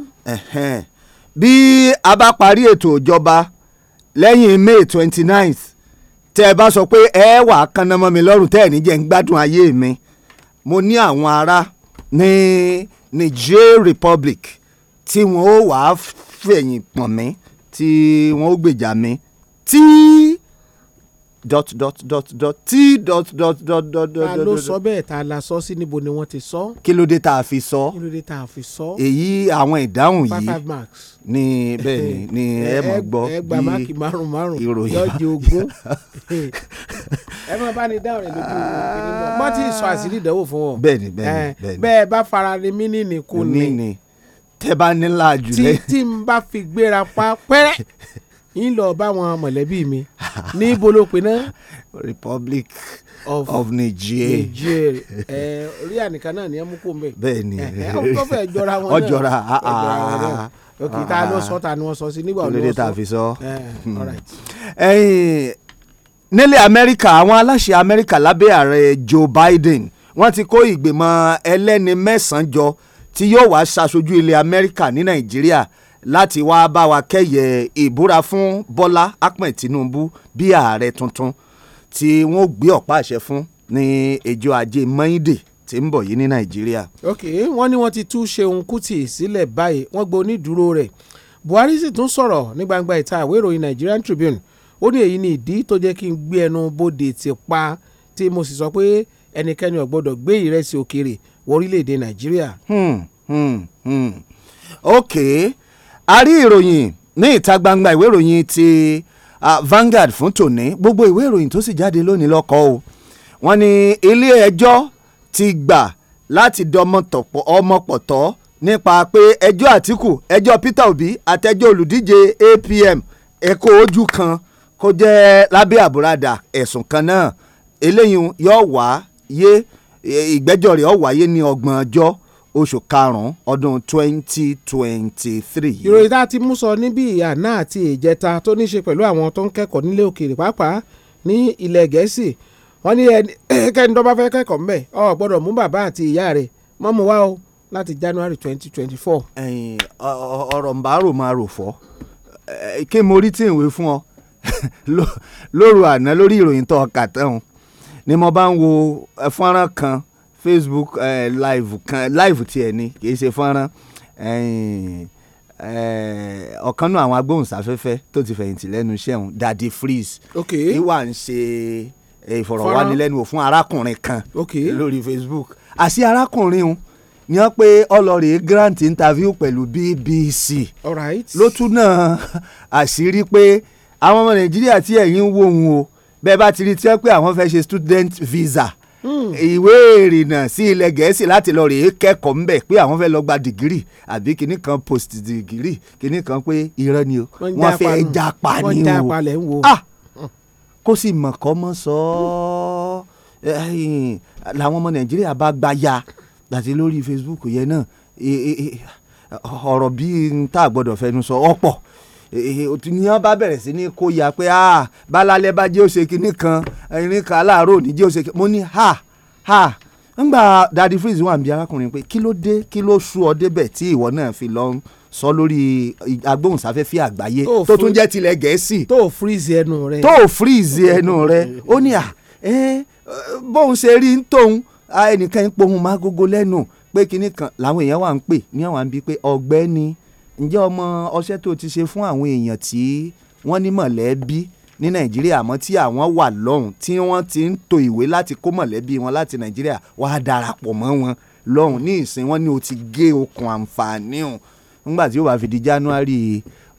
bí a bá parí ètò ìjọba lẹ́yìn may twenty ninth tẹ́ ẹ bá sọ pé ẹ wà á kanna mọ́ mi lọ́rùn tẹ́ ẹ̀ ní jẹ́ ń gbádùn ayé mi mo ní àwọn ará ní Niger Republic tí wọ́n ó wàá fẹ̀yìn pọ̀n mi tí wọ́n ó gbèjà mi tí. Tí dot dot dot dot t dot dot dot dot dot. ta ló sọ bẹ́ẹ̀ ta la sọ sí níbo ni wọ́n ti sọ. kí ló dé tá a fi sọ. kí ló dé tá a fi sọ. èyí àwọn ìdáhùn yìí five marks. ni bẹ́ẹ̀ ni ni ẹ mọ̀ gbọ́ bí ẹ gba máàkì márùn márùn ìròyìn lọ́jọ́ ogún ẹ máa bá ní dáhùn rẹ lójú ìròyìn mọ́ tí ì sọ àṣírí ìdánwò fún wọn. bẹ́ẹ̀ni bẹ́ẹ̀ni bẹ́ẹ̀ni bẹ́ẹ̀ bá fara ni mí nìní kò ní. tẹ bá nílà jùlẹ. tí n bá fi gbéra pa pẹ́rẹ́ ń lọ báwọn mọ̀lẹ́bí mi ní bolo pinna. Republic of, of Niger. Niger ẹ orí ànìkan náà ni ẹ mú kó mbẹ. bẹ́ẹ̀ni ẹ ọ kọfẹ jọra wọn ọjọra aa tá a lọ sọ ta ni wọn sọ sí nígbà wọn lọ sọ. olóde tá a sọ. Hmm. nílẹ̀ Amẹ́ríkà àwọn aláṣẹ Amẹ́ríkà lábẹ́ ààrẹ Joe Biden wọ́n ti kó ìgbìmọ̀ ẹlẹ́ni mẹ́sàn-án jọ tí yóò wá ṣaṣojú ilẹ̀ Amẹ́ríkà ní Nàìjíríà. Ni láti wáá bá wa kẹ́yẹ ìbúra fún Bọ́lá Ahmed Tinubu bí ààrẹ tuntun tí wọ́n gbé ọ̀pá àṣẹ fún ní ẹjọ́ ajé Monday tí ń bọ̀ yìí ní Nàìjíríà. ok wọ́n ní wọ́n ti tú Ṣeun Kútì sílẹ̀ báyìí wọ́n gba onídùúró rẹ̀ Buhari sì tún sọ̀rọ̀ ní gbangba ìta àwé ìròyìn Nigerian Tribune ó ní èyí ni ìdí tó jẹ́ kí n gbé ẹnu bodè ti pa tí mo sì sọ pé ẹnikẹ́ni ò gbé ìrẹsì òkèèrè wọ orílẹ̀-èdè Nàìjíríà. Hmm, hmm, hmm. ok a rí ìròyìn ní ìta gbangba ìwé ìròyìn ti Vanguard fún tòní gbogbo ìwé ìròyìn tó sì jáde lónìí lọ́kọ́ o wọ́n ní ilé ẹjọ́ ti gbà láti dọmọtọ̀pọ̀ ọmọpọ̀tọ́ nípa pé ẹjọ́ Àtíkù ẹjọ́ Peter Obi àtẹjọ́ olùdíje APM ẹ̀kọ́ ojú kan kó jẹ́ lábẹ́ àbúradà ẹ̀sùn kan náà eléyìí yóò wáyé ìgbẹ́jọ́ rẹ̀ ó wáyé ní ọgbọ̀n ọjọ́ oṣù karùn-ún ọdún twenty twenty three. ìròyìn tá a ti mú sọ níbí àná àti ìjẹta tó ní í ṣe pẹ̀lú àwọn tó ń kẹ́kọ̀ọ́ nílé òkèèrè pàápàá ní ilẹ̀ gẹ̀ẹ́sì wọ́n ní kẹ́ni tó bá fẹ́ kẹ́kọ̀ọ́ mbẹ̀ ọ gbọ́dọ̀ mú bàbá àti ìyá rẹ̀ mọ́ mu wá o láti january twenty twenty four. ọ̀rọ̀ mbàrò máa rò fọ́ kí mo rí tí ìwé fún ọ lóru àná lórí ìròyìn tó ọkà tán ni mo bá ń wo fọ́nrán kan facebook eh, live kan live tiẹ̀ ni kì ṣe fọ́nrán eh, ọ̀kan náà àwọn agbóhùnsáfẹ́fẹ́ tó ti fẹ̀yìntì lẹ́nu iṣẹ́ òun Daddy Freeze ìwà ń ṣe eh, ìfọ̀rọ̀wánilẹ́nuwò fún arákùnrin kan lórí facebook àṣì arákùnrin òun ni wọ́n pe ọlọ́rẹ̀ grant interview pẹ̀lú BBC ló tún náà àṣírí pé àwọn ọmọ nàìjíríà tí ẹ̀yin wò wọn o bẹ́ẹ̀ bá ti rí tí pé àwọn fẹ́ ṣe student visa ìwé ìrìnnà sí ilẹ̀ gẹ̀ẹ́sì láti lọ rèé kẹ́kọ̀ọ́ ńbẹ̀ pé àwọn fẹ́ lọ gba dìgírì àbí kinní kan post dìgírì kinní kan pé irọ́ ni o wọ́n fẹ́ japa ni o ah! kó sì mọ̀ kọ́ mọ́ sọ ọ́ eh, eh, làwọn ọmọ nàìjíríà bá gba ya àti lórí facebook yẹn náà eh, ọ̀rọ̀ bíi n tá a gbọ́dọ̀ fẹnu sọ ọ̀pọ̀ ni wọ́n bá bẹ̀rẹ̀ sí ní kó ya pé ah balalẹ́ bá jẹ́ òṣè kínní kan kan aláàárọ̀ òní jẹ́ òṣè mo ní ha ha ńgbà Daddy Freeze wà níbi arákùnrin pé kí ló dé kí ló sú ọ débẹ̀ tí ìwọ náà fi lọ́n sọ lórí agbóhùnsáfẹ́fẹ́ àgbáyé tó tún jẹ́ tilẹ̀ gẹ̀ẹ́sì. tó freeze ẹnu rẹ. tó freeze ẹnu rẹ ó ní à ẹ bóun ṣe rí ń tóun ẹnìkan ń pohun mágógó lẹ́nu pé kinní kan làwọn èèyàn wà ń pè ní àwọn àbí pé ọ̀gbẹ́ni ǹjẹ́ ọmọ ọṣẹ́ tó ti ṣe fún àwọn èèyàn tí wọ́n ní mọ̀lẹ́bí ní nàìjíríà àmọ́ tí àwọn wà lọ́hùn tí wọ́n ti ń to ìwé láti kó mọ̀lẹ́bí wọn láti nàìjíríà wá darapọ̀ mọ́ wọn lọ́hùn ní ìsìn wọn ni o ti gé okùn àǹfààní hùn nígbà tí ó bá fi di january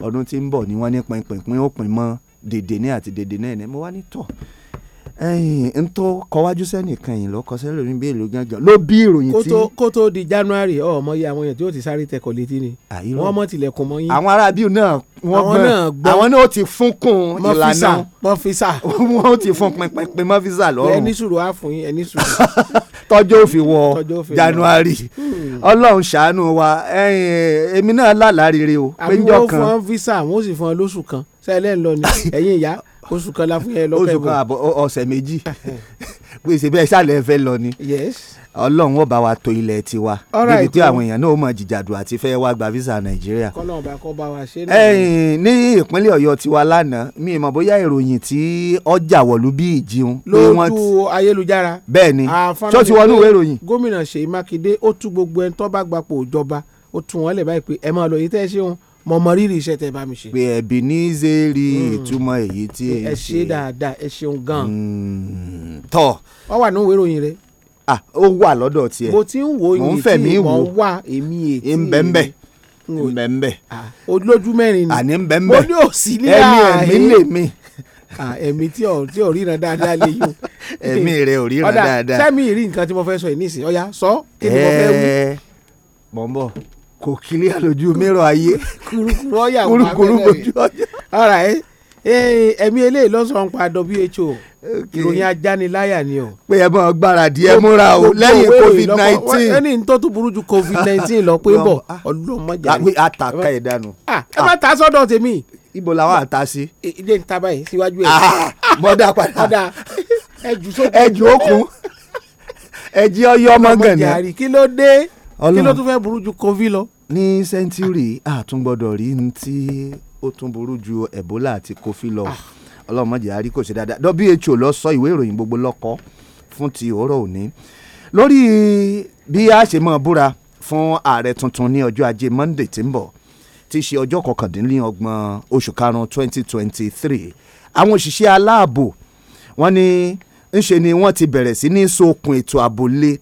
ọdún tí ń bọ̀ ni wọ́n ní pinpin pin ó pin mọ́ dèdè ní àti dèdè náà ní mo wá ní tọ̀ ẹyìn ntọ́ kọwájú sẹ́nìkan yìí lọ kọsẹ́ lórí bí èlò gángan ló bí ìròyìn tí. kó tó di January ọmọ yìí àwọn èèyàn tí ó ti sáré tẹkọ létí ni wọn mọ tilẹ̀kùn mọ yín. àwọn ará bíi náà wọn gbọ́n àwọn náà ti fún kun ìlànà mọfisa wọn ti fún pínpín mọfisa lọ́rùn. ẹni sùúrù á fún yín ẹni sùúrù. tọ́jú òfin wọ January hmm. Ọlọ́run ṣàánú wa èmi náà lálàá rere o péjọ kan. àwọn wọn fún visa wọn ó sì fún ọ lóṣù kan sẹ́lẹ̀ ń lọ ni ẹ̀yin ìyá oṣù kan la fún yẹn lọ́kọ̀ ẹ̀bùn oṣù kan àbọ̀ ọ̀sẹ̀ méjì gbèsè bẹ́ẹ̀ sàlẹ̀ fẹ́ lọ ni ọlọ́run ó bá wa tó ilẹ̀ tiwa níbi tí àwọn èèyàn náà mọ̀ jìjàdù àti fẹ́ wá gba visa nàìjíríà. kọ́lọ́n bá kọ́ bá wa ṣe náà. ẹ̀yin ní ìpínlẹ̀ ọ̀yọ́ tiwa lánàá mi ìmọ̀ bóyá ìròyìn tí ọjà wọ̀lú bí ìjìun. lójú ayélujára. bẹ́ẹ̀ ni tó ti wọnú ìwé ìròyìn. gómìnà ṣèyí mákindé ó tú gbogbo ẹni tó bá gbapò ìjọba ó tú wọn lẹ̀ báyìí pé ẹ máa lọ yìí tẹ́ ẹ ṣeun mo mọ rírì iṣẹ́ tẹ́ bá mi ṣe. pé ẹ̀bí ní í ṣe rí ìtumọ̀ èyí tí ẹ ṣe. ẹ ṣe dáadáa ẹ ṣeun gan. Hmm. tọ́. wọ́n wà ní òwe ìròyìn rẹ. ah ó wà lọ́dọ̀ tiẹ̀. mo ti ń wo iye tí mo wà èmi ètí. nbẹ̀nbẹ̀ nbẹ̀nbẹ̀. olójú mẹ́rin ni. àní nbẹ̀nbẹ̀. mo ní òsì ní ààyè. ẹ̀mí ẹ̀mí lè mi ẹ̀mí tí ò tí ò ríran dáadáa lè yó. ẹ̀mí rẹ ò ríran dáadáa. ọ̀dà sẹ́mi rí nǹkan tí mo fẹ́ sọ yìí nísìnyí ọ̀ya sọ kí mo fẹ́ wí. mọ̀ ń kò kílíà lójú mẹ́rọ̀ ayé kúrúkúrú ọ̀yà wà bẹ́ẹ̀ kúrúkúrú ojú ọ̀yà. ọ̀rà ẹ ẹ̀mí eléyìí lọ́sàn-án pa WHO ìròyìn ajániláyà ni o. pé ẹ máa gbáradì ẹ múra o lẹ́yìn covid nineteen. ẹni tó tún burú ju covid nineteen lọ pé bọ̀ ọlọ́mọdé. àtàkà ẹ̀ dànù. Ah, ẹ ah. má ta sọ́dọ̀ tèmi. ibo làwọn àta sí. ilé níta báyìí síwájú ẹ. Ah, mọ́dà padà ẹ jù ókun ẹ jí ọyọ ọmọ gànà. kí ló dé kí ló tún fẹ́ burú ju covid lọ ní sẹ́ńtúrì àtúngbọ́dọ̀ rí ní tí ó tún burú ju Ebola àti kofi lọ ah. ọlọ́run má jẹ́ àrí kò ṣe dáadáa WHO lọ sọ ìwé ìròyìn gbogbo lọ́kọ́ fún ti òórọ̀ òní lórí bí a ṣe máa búra fún ààrẹ tuntun ní ọjọ́ ajé Monday tí ń bọ̀ tí ṣe ọjọ́ kọkàndínlọ́gbọ̀n oṣù karùn-ún twenty twenty three àwọn òṣìṣẹ́ aláàbò wọ́n ní ńṣe ni wọ́n ti bẹ̀rẹ̀ sí ní sokùn ètò ààbò le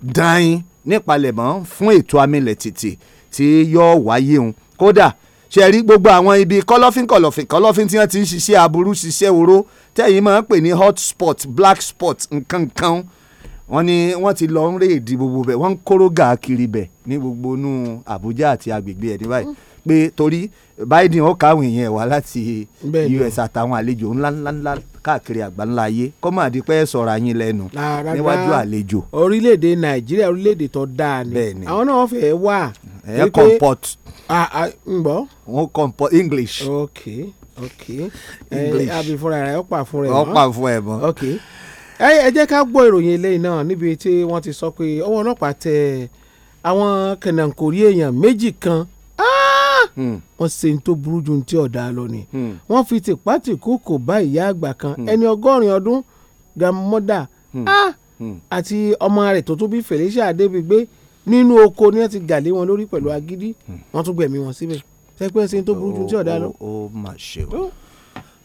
nípalẹ̀mọ́ fún ètò amílẹ̀ tìtì tí yóò wáyé òun kódà ṣe rí gbogbo àwọn ibi kọ̀lọ̀fín kọ̀lọ̀fín kọ̀lọ̀fín tí wọ́n ti ń ṣiṣẹ́ aburú ṣiṣẹ́ oró tẹ̀yìn máa ń pè ní hot spot black spot nkankan wọ́n ní wọ́n ti lọ ń réèdì gbogbo bẹ̀ wọ́n ń kóró gà kiri bẹ̀ ní gbogbo inú Àbújá àti agbègbè ẹ̀ ní báyìí mm. pé torí Biden ó káwọn èèyàn wá láti US àtàwọn àlejò ńláńláńlá káàkiri àgbáńlá ayé kó má di pé sọ̀rọ̀ ayín lẹ́nu níwájú àlejò. orílẹ̀-èdè Nàìjíríà orílẹ̀-èdè tó dáa ni àwọn náà wọ́n fẹ́ẹ́ wà ẹ comport. n gbọ́. wọ́n comport english. ok ok english àbí fúnra rẹ̀ ó pa fún rẹ̀ mọ́. ó pa fún ẹ̀ mọ́. ok ẹ jẹ́ ká gbọ́ ìròyìn eléyìí náà níbi tí wọ́n ti sọ pé ọwọ́ ọlọ́pàá tẹ àwọn kànáńkórí èèyàn méjì kan ah! hmm. wọ́n ṣe ń tó burú ju ti ọ̀dà lọ ni hmm. wọ́n fi tìpátìkú kò bá ìyá àgbà kan hmm. ẹni ọgọ́rin ọdún grandmother ah! àti ọmọ rẹ̀ tó tó bí Felicia Adébígbé nínú oko ni wọ́n ti gàlé wọn lórí pẹ̀lú agídí wọ́n tún gbẹ̀mí wọn síbẹ̀ sẹ́pẹ́ sí tó burú ju tí ọ̀dà lọ. ó mà ṣe o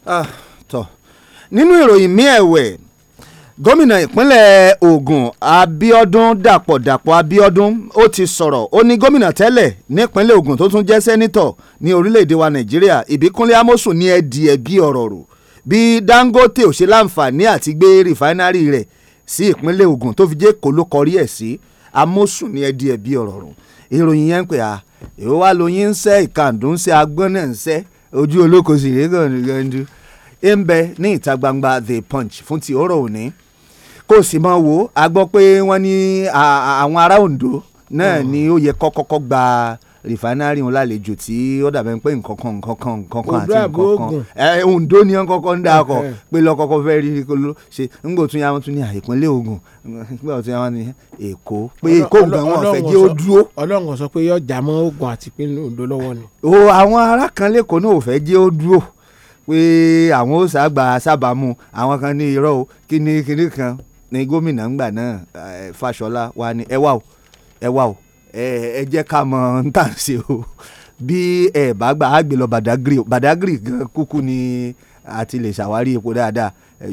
ah, tọ nínú ìròyìn mi ẹ̀wẹ̀ gómìnà ìpínlẹ̀ Ògùn Abíọ́dún Dàpọ̀ Dàpọ̀ Abíọ́dún ó ti sọ̀rọ̀ ó ní gómìnà tẹ́lẹ̀ nípínlẹ̀ Ògùn tó tún jẹ́ sẹ́nitọ̀ ní orílẹ̀‐èdè wa Nàìjíríà Ìbíkúnlé Amósùn ní ẹ̀dì ẹ̀bí ọ̀rọ̀ rò bí Dangote ò ṣe láǹfààní àti gbé rìfáínárì rẹ̀ sí ìpínlẹ̀ Ògùn tó fi jẹ́ kó ẹ̀ sí. amósùn ni ẹdí ẹbí ọ̀rọ̀ rùn ìròyìn yẹn ń pè á èwo wá lóyún ń sẹ́ ìkàndùn ń sẹ́ agbọ́n náà ń sẹ́ ojú olóko sì rí ń bẹ ní ìta gbangba the punch fún ti ọ̀rọ̀ òní kò sì mọ wo a gbọ́ pé wọ́n ní àwọn ará Ondo náà hmm. ni ó yẹ kọ́kọ́kọ́ gba rìfánárì wọn lálejò tí ó dàbẹ̀ pé nkankan nkankan nkankan àti nkankan ẹ Ondo ni wọn kọ́kọ́ ń dà kọ pé lọ kọ́kọ́ fẹ́ rí kolo ṣe ńgbò tún yà wọn tún ní ìpínlẹ̀ Ògùn ńgbà tún yà wọn ní Èkó pé Èkó gan wọn fẹ́ jẹ́ ó dúró. Ọlọ́run sọ pé yóò jà mọ́ Ògùn àti ìpínlẹ̀ Ondo lọ́wọ́ ni. o àwọn ará kan lẹ́kọ̀ọ́ náà ò fẹ́ jẹ́ ó dúró pé àwọn ó sàgbà sábàámu àwọn kan ní irọ́ o kíní kíní kan ní gómìnà ńgbà náà Fáṣọlá wa ni ẹ wá o ẹ wá o ẹ jẹ́ ká mọ̀ ń o bí ẹ bá gba Badagry gan kúkú ni àti lè ṣàwárí epo dáadáa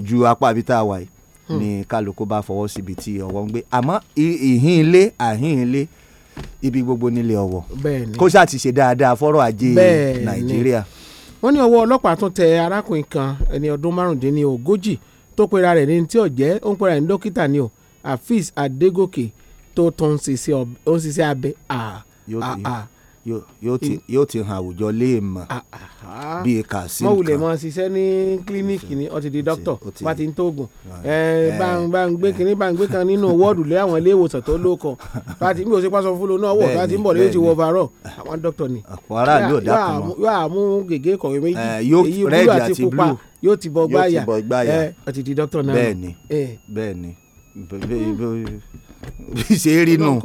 ju apá ibi tá hmm. ni kálukú bá fọwọ́ síbi tí ọwọ́ ń gbé àmọ́ ìhín ilé àhín ilé ibi gbogbo nílé ọwọ́ kó ṣe dáadáa fọ́rọ̀ ajé Nàìjíríà. wọ́n ní ọwọ́ ọlọ́pàá tẹ arákùnrin kan ẹni ọdún tó pera rẹ̀ ní tí ó ń ni o Adegoke tó tún ṣiṣẹ́ ó ń ṣiṣẹ́ abẹ yóò ti hàn àwùjọ léèmọ̀ bíi kàṣí nǹkan. mo wulẹ̀ mọ ṣiṣẹ́ ní kílíníìkì ni ó ti di dókítọ̀ bá ti ń tóògùn bá ń gbé kínní bá ń gbé kan nínú wọ́ọ̀dù lé àwọn ilé ìwòsàn tó lóko bá ti ń bí o ṣe pásọ fún lo náà wọ̀ bá ti ń bọ̀ lóyún ti wọ bàárọ̀ àwọn dókítọ̀ ni. ọ̀pọ̀ ara yóò dákun mọ́ yóò àmú gègé kọ̀wé méjì èyí búlù àti pupa yóò ti bọ̀ gbáyà ó ti di dókítọ̀ náà. bẹ́ẹ̀ni bẹ́ẹ̀ni ṣe é rí nù.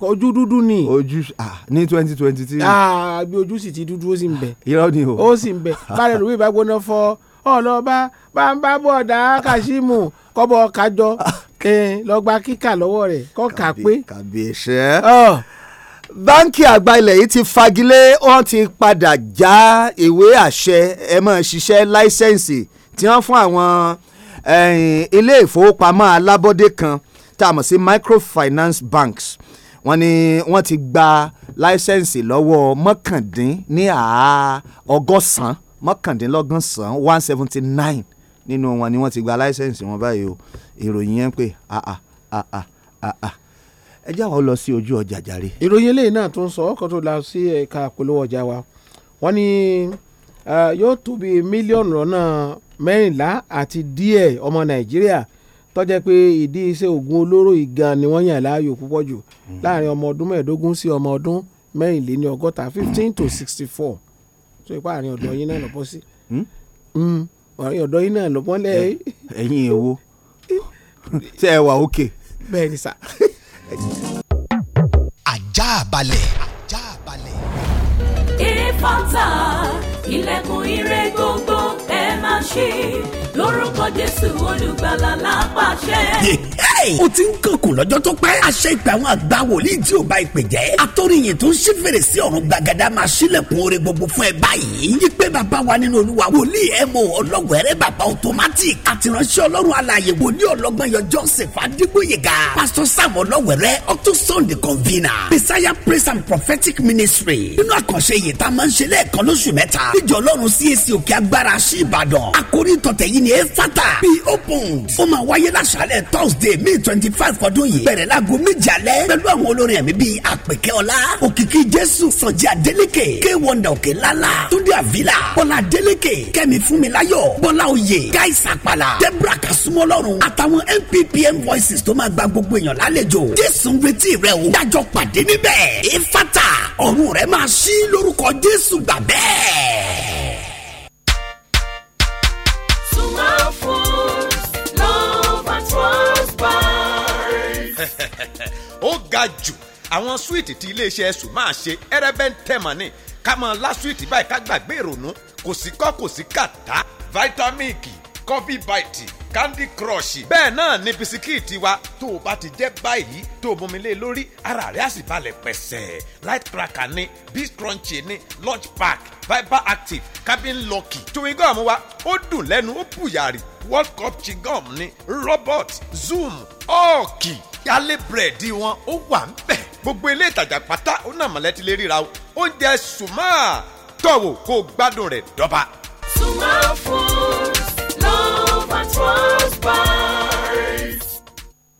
ojú dúdú ni. ojú ní twenty twenty three. bí ojú sì ti dúdú ó sì ń bẹ. irọ́ ni o. ó sì ń bẹ báyìí lómi ìbá gbóná fọ ọlọ́ba bàbá bọ̀dá kàṣímù kọ́bọ̀ kájọ lọ́gba kíkà lọ́wọ́ rẹ̀ kọ́ kà pé. kàbíyèsẹ́ báńkì àgbà ilẹ̀ yìí ti fagilé wọ́n ti padà já ìwé àṣẹ ẹ̀ mọ̀ ṣiṣẹ́ láísẹ̀nsì tí wọ́n fún àwọn ilé ìfowópamọ́ alábọ́dé kan tá a mọ̀ sí microfinance banks wọ́n ní wọ́n ti gba láísẹ̀nsì lọ́wọ́ mọ́kàndín ní ọgọ́sàn mọ́kàndínlọ́gọ́sàn one seventy nine nínú wọn ni wọ́n ti gba láísẹ̀nsì wọn báyìí o ìròyìn yẹn pé àà àà àà ẹ jẹ́ àwọn lọ sí ojú ọjà jàre. ìròyìn eléyìí náà tó ń sọ ọkọ̀ tó la sí ẹ̀ka polówó ọjà wa wọ́n ní. Ni yóò tó bí mílíọ̀nù lọ́nà mẹ́rìnlá àti díẹ̀ ọmọ nàìjíríà tó jẹ́ pé ìdí iṣẹ́ oògùn olóró ìgan ni wọ́n yàn láàyò púpọ̀ jù láàrin ọmọ ọdún mẹ́ẹ̀ẹ́dógún sí ọmọ ọdún mẹ́rìnléní ọgọ́ta fifteen to sixty four So ipa àárín ọ̀dọ̀ yín náà ló bọ́ sí hmm? Hmm, àárín ọ̀dọ̀ yín náà ló bọ́ lẹ́yìn. ẹ̀yin èwo ṣé ẹ wà ókè. bẹ́ẹ̀ ni ajá balẹ̀ ìfọ̀tà ilẹ̀kùn ire gbogbo ẹ máa ṣí lórúkọ Jésù olùgbàlà lápàṣẹ báyìí o ti ń kọkùn lọ́jọ́ tó pẹ́ àṣẹ ìpè àwọn àgbà wòlíì tí ò bá ìpè jẹ́ àtọ́niyìn tó ń ṣí fèrèsé ọ̀run gbàgàdà máa ṣílẹ̀kùn oore gbogbo fún ẹ báyìí yípe bàbá wa nínú olúwa wòlíì ẹ̀mọ ọlọ́wẹ̀rẹ̀ bàbá automatic àtìránṣẹ́ ọlọ́run alààyè wòlíì ọlọ́gbọ́n yọ joseph adégbòyega pastor sam ọlọ́wẹ̀rẹ̀ ọtún a máa May twenty five ọdún yìí bẹ̀rẹ̀ láago méje alẹ́ pẹ̀lú àwọn olórin ẹ̀mí bíi àpèkẹ́ ọlá òkìkí jésù sànjẹ́ adélèké k wonder òkè lálá túndé àvila bọ́lá adélèké kẹ́mi fúnmiláyọ̀ bọ́lá oyè gáìsì àpàlà debra kasumọlọ́run àtàwọn nppm voices tó máa gba gbogbo èèyàn lálejò jésù ń retí rẹ o dájọ́ pàdé níbẹ̀ ìfàtà ọ̀run rẹ máa ṣí lórúkọ jésù gbà bẹ́ẹ̀. sùnmọ́ ó ga jù àwọn súwìtì tí iléeṣẹ́ sùn máa ṣe ẹrẹ́bẹ́ntẹ́mọ̀ ni ká mọ lásùwìtì báyìí ká gbàgbé ìrònú kò sí kọ́ kò sí kàtá vitamíìkì coffee bite candy crush. bẹ́ẹ̀ náà ni bisikíìtì wa tó o bá ti jẹ́ báyìí tó o bomi lé e lórí ara rẹ̀ á sì balẹ̀ pẹ̀sẹ̀ light cracker ni beast crunchy ni lunch pack fiber active cabin lucky. chewing gum wa ó dùn lẹ́nu ó bùyàrì world cup chewing gum ni robot zoom ọ̀ọ̀kì. Oh, alẹ́ búrẹ́dì wọn ó wà ń bẹ̀ gbogbo ilé ìtajà pátá ó nà mọ̀lẹ́tì lè ríra o oúnjẹ sùnmọ́ tọ̀wò kó o gbádùn rẹ̀ dọ́ba. sùnmọ́ fún lọ́ọ́ bá trọ́ọ̀sì bá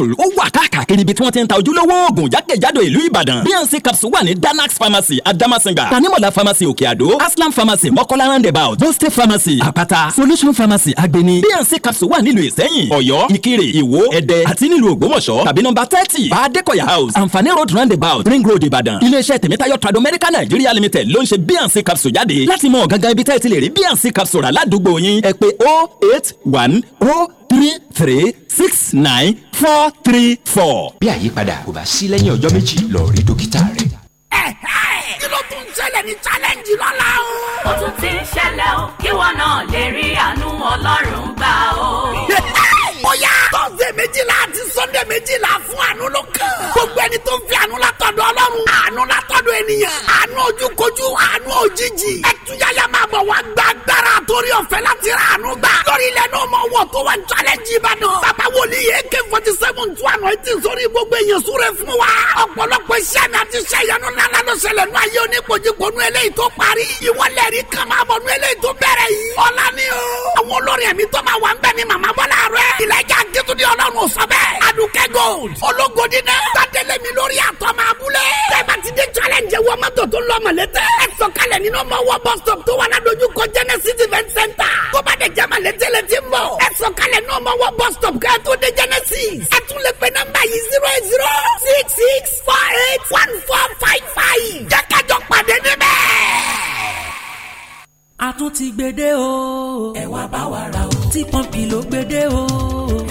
capsule ó wà káàkiri ibi tí wọ́n ti ń ta ojúlówó oògùn jákèjádò ìlú ìbàdàn bnc capsule wà ní danax pharmacy adamasinga tanimola pharmacy òkè àdó aslam pharmacy mọ́kọ́lá roundabout boste pharmacy àpáta solution pharmacy agbeni bnc capsule wà nílùú ìsẹ́yìn ọ̀yọ́ ìkirè ìwó ẹ̀dẹ́ àti nílùú ògbómọ̀ṣọ́ tàbí nọ́mbà thirty bàdékọ̀yà house àǹfààní road roundabout ring road ìbàdàn iléeṣẹ́ tèmítáyọ̀ tradomedica nigeria limited ló ń ṣe bnc capsule jáde láti mọ gangan ibi tẹ́ẹ̀ ti lè rí bnc capsule aládùúgbò yín ẹ pé 081 0 three three six nine four three four. bí àyípadà kò bá sí lẹ́yìn ọjọ́ méjì lọ rí dókítà rẹ. ẹ ẹ kí ló tún ṣẹlẹ̀ ní challenge lọ́la o. ó tún ti ń ṣẹlẹ̀ o kí wọn náà lè rí àánú ọlọ́run gbà o. ó yá tọ́sídẹ̀ẹ́ méjìlá àti sọ́ndẹ̀ẹ́ méjìlá fún àánú ló kàn sẹ́ni tó fi àánú látọ̀dọ̀ ọlọ́run àánú látọ̀dọ̀ ènìyàn àánú ojúkojú àánú òjijì ẹtúyàyà máa bọ̀ wá gba agbára torí ọ̀fẹ́ láti ra àánú gbà lórí ilẹ̀ náà mọ̀ wọ̀ tó wá challenge ìbàdàn bàbá wòlíì ak forty seven two àná etí sórí gbogbo èèyàn súré fún wa ọ̀pọ̀lọpọ̀ iṣẹ́ mi àti iṣẹ́ ìyanu nana ló ṣẹlẹ̀ mi lórí àtọ́ máa búlé. tẹ́gbà challenge wọ mọ́tò tó lọ mọ̀lẹ́tẹ̀. ẹ sọ̀kalẹ̀ nínú ọmọ wọ bus stop tó wà ládójú kọ genesis event center. tó bá dé jẹ́ mọ̀lẹ́tẹ̀ lẹ ti ń bọ̀. ẹ sọ̀kalẹ̀ nínú ọmọ wọ bus stop kẹ́ ẹ tó dé genesis. ẹ tún lè pe nọ́mbà yìí zero eight zero six six four eight one four five five. jẹ́ kájọ pàdé níbẹ̀. a tún ti gbede o. ẹ wá bá wa ra o. tí pọ́ǹpì ló gbede o.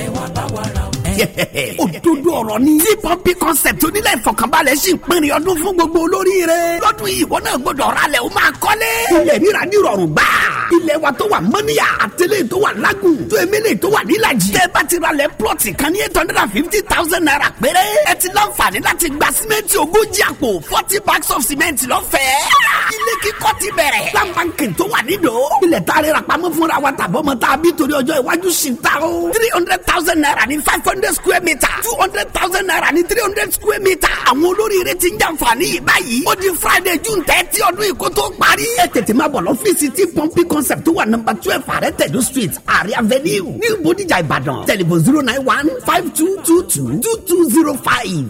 ẹ wá bá wa ra o yẹ̀yẹ̀. òdodo ọ̀rọ̀ ni. tí pọ́ńpì concept onílẹ̀ ìfọ̀kànbalẹ̀ sì ń pinrin ọdún fún gbogbo olóríire. lọ́dún yìí ìwọ náà gbọ́dọ̀ ralẹ̀ o máa kọ́lé. ilẹ̀ rírà ní ìrọ̀rùn gbáà ilẹ̀ wa tó wà mọ́níyà àtẹlẹ́ tó wà lágùn tó emele tó wà nílàjì. tẹ́ bá ti ra lẹ̀ plọ̀tì kan ní eight hundred and fifty thousand naira péré. ẹ ti láǹfààní láti gba símẹ́ǹtì ogójì àpò forty bags of cement lọ́fẹ̀ẹ́. ilé kíkọ́ ti bẹ̀rẹ̀. láǹbàǹkì tó wà nídò. ilẹ̀ tá a rẹ̀ ra pamọ́ fúnra wa tàbọ̀ mọ́ tá a bí torí ọjọ́ iwájú sí ta o. three hundred thousand naira ní five hundred square meter. two hundred thousand naira ní three hundred square meter. àwọn olóríire ti ń jàǹfààní yìí báyìí. ó di Friday June thirty ọdún ìkótó parí. ẹ tètè má bọ̀ lọ́fíìsì tí pọ́ńpì kan concept tó wà nọ́mbà twelve àrẹ tẹ̀dó street àrẹ avenue ní bodijà ìbàdàn tẹlifon zero nine one five two two two two two zero five.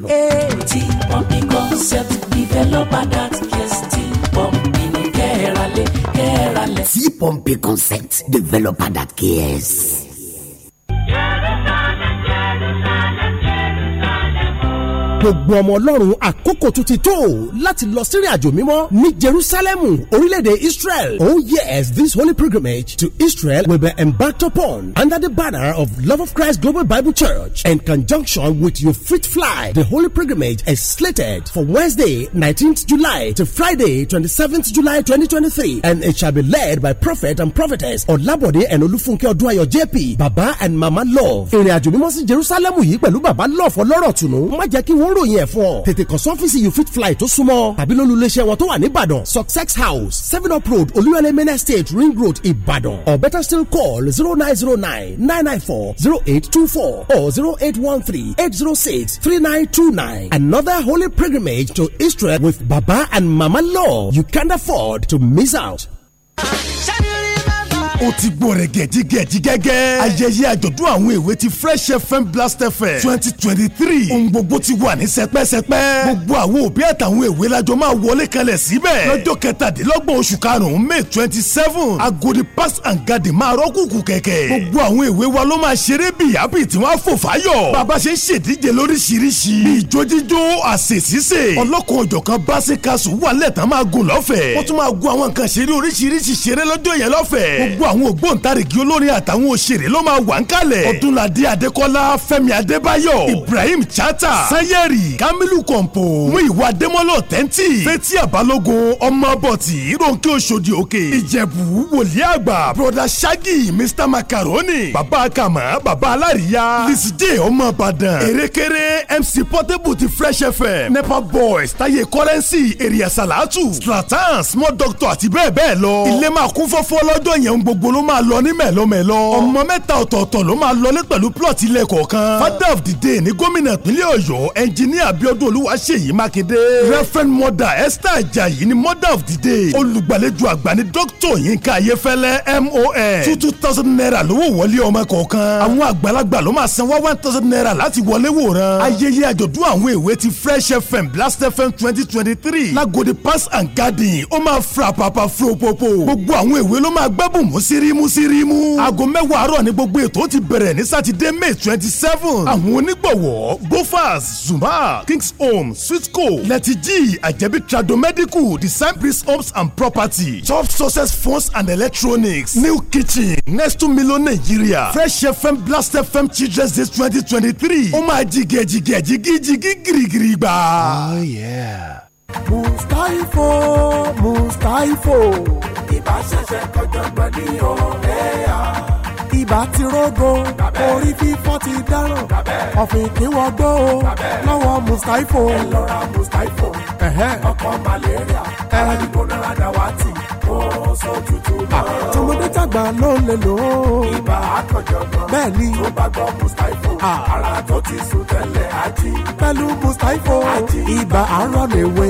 ti pọ́ǹpì concept developer dat case ti pọ́ǹpì ní kẹ́ẹ̀rẹ́lẹ̀ kẹ́ẹ̀rẹ́lẹ̀. ti pọ́ǹpì concept developer dat case. gbogbo ọmọ ọlọ́run àkókò tún ti tó láti lọ sírìn àjò mímọ́ ní jerusalemu orílẹ̀-èdè israel oh yes this holy pilgrimage to israel will be embarked upon under the banner of love of christ global bible church in conjunction with your fit fly the holy pilgrimage is slated for wednesday 19th july to friday 27th july 2023 and it shall be led by prophet and prophetess olabode and olufunke oduayo jp baba and mama love ìrìn àjò mímọ́ sí jerusalemu yìí pẹ̀lú baba love ọlọ́rọ̀ tùnú má jẹ́ kí wọ́n ń ròyìn ẹ̀ fún ọ tètè kàn sí you fit fly tó súnmọ́ tàbí lólùléeṣẹ́ wọn tó wà nìbàdàn success house seven up road olúyọlé main estate ring road ìbàdàn or better still call zero nine zero nine nine nine four zero eight two four or zero eight one three eight zero six three nine two nine another holy pilgrimage to Israel with Baba and Mama Law you can't afford to miss out ó ti gbọ́ rẹ̀ gẹ̀dígẹ̀dí gẹ́gẹ́. ayẹyẹ àjọ̀dún àwọn èwe ti fresh fm blast fm twenty twenty three ohun gbogbo ti wà ní sẹpẹ́sẹpẹ́. gbogbo àwọn òbí àtàwọn èwe lajọ máa wọlé kalẹ̀ síbẹ̀. lọ́jọ́ kẹtàdínlọ́gbọ̀n oṣù karùn-ún may twenty seven agodi pass and garden máa rọ́kùnkùn kẹ̀kẹ́. gbogbo àwọn èwe wa ló máa ṣeré bìyàbì tí wọ́n á fò fáyọ̀. bàbá ṣe ń ṣèdíje lóríṣiríṣi. bí ijó jíjó àsè sísè. ọlọ́kan ọ̀jọ̀kan báṣẹ́ kaṣù wà lẹ́tàn máa gùn lọ́fẹ̀ẹ́. wọ́n tún máa gun àwọn nǹkan àwọn ògbóǹtarìgì olórin àtàwọn òṣèré ló máa wà ń kalẹ̀. ọdúnladé adékọ́lá fẹ́mi adébáyọ̀ ibrahim chata sanyẹ̀rì kamilu kọ̀ǹpò muyiwa adémọ́lá ọ̀tẹ́ntì fẹ́tí àbálógun ọmọbọ̀tì ronke oṣòdì òkè ìjẹ̀bù wòlíì àgbà broda shaggy mr macaroni baba kama baba alárìíyá liside ọmọ ìbàdàn erékeré mc portable ti fresh fm nepa boys taye currency èrìyà salatu stratan small doctor àti bẹ́ẹ̀ bẹ́ẹ̀ lọ ilé máa kún fọ́fọ́ lọ́jọ́ yẹn ń gbogbo gbogbo ló máa lọ ní mẹ̀lọ́mẹ̀lọ́ ọmọ mẹ́ta ọ̀tọ̀ọ̀tọ̀ ló máa lọlé pẹ̀lú plọ̀tì ilẹ̀ kọ̀ọ̀kan father of the day ní gómìnà ìpínlẹ̀ ọ̀yọ́ ẹnjiníà abiodun olúwaṣeyí mákindé reverend mother esther ajayi ni mother of the day olùgbàlejò àgbà ní doctor yinka ayefẹ́lẹ́ mon two two thousand naira lówó wọlé ọmọ kọ̀ọ̀kan àwọn àgbàlagbà ló máa san wá one thousand naira láti wọlé wòran ayẹyẹ àjọ̀dún àwọn èwe ti fresh fm blast fm twenty twenty three pass and garden ó máa fra pàpà fúropopo gbogbo àwọn èwe ló máa gbẹ́bùn mọ́s ṣírímù ṣírímù. aago mẹ́wàá àárọ̀ ni gbogbo ètò ti bẹ̀rẹ̀ ní sátidé may twenty seven. àwọn onígbọ̀wọ́ gofas zuma kings home switco letiji ajẹbi tradomedical design priest homes and property top success phones and electronics new kitchen next to million nigeria fresh fm blast fm children's day twenty twenty three ó máa jìgẹ̀jìgẹ̀ jìgíjìgí gírígírí gbà. oh yeah mustaifo mustaifo. ibà ṣẹ̀ṣẹ̀ kọjọ́gbọ́n ní ọ̀rẹ́ à. ibà ti rógo orí fífọ́ ti dáràn ọ̀fìn kí wọ́n gbó o lọ́wọ́ mustaifo. ẹ lọ mustaifo ọkọ̀ malaria ara dìbò náírà dàwátì ó sójú tó lọ. tọmọdé tàgbà ló ń lè lò ó. ibà àkànjọ̀gbọ́n bẹ́ẹ̀ ni tó bá gbọ́ mustapho ara tó ti sùn tẹ́lẹ̀ ají. pẹ̀lú mustapho ibà arọ lè wé.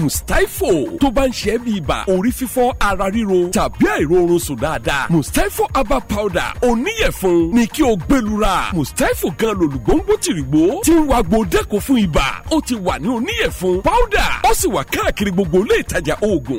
mustapho tó bá ń ṣe é bí ibà orí fífọ́ ara ríro tàbí àìróorun sùn dáadáa mustapho herbal powder oníyẹ̀fun ni kí o gbẹlura mustapho gan lòlùgbòǹgbò tìrìgbò ti ń wa gbo dẹ́kun fún ibà ó ti wà ní oníyẹ̀fun powder ó sì wà káàkiri gbogbo ilé ìtajà oògùn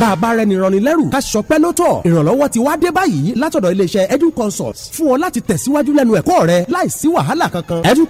bá a bá rẹ ní ká ṣọpẹ́ ló tọ́ ìrànlọ́wọ́ ti wá dé báyìí látọ̀dọ̀ iléeṣẹ́ edu consult fún ọ láti tẹ̀síwájú lẹ́nu ẹ̀kọ́ rẹ láìsí wàhálà kankan. edu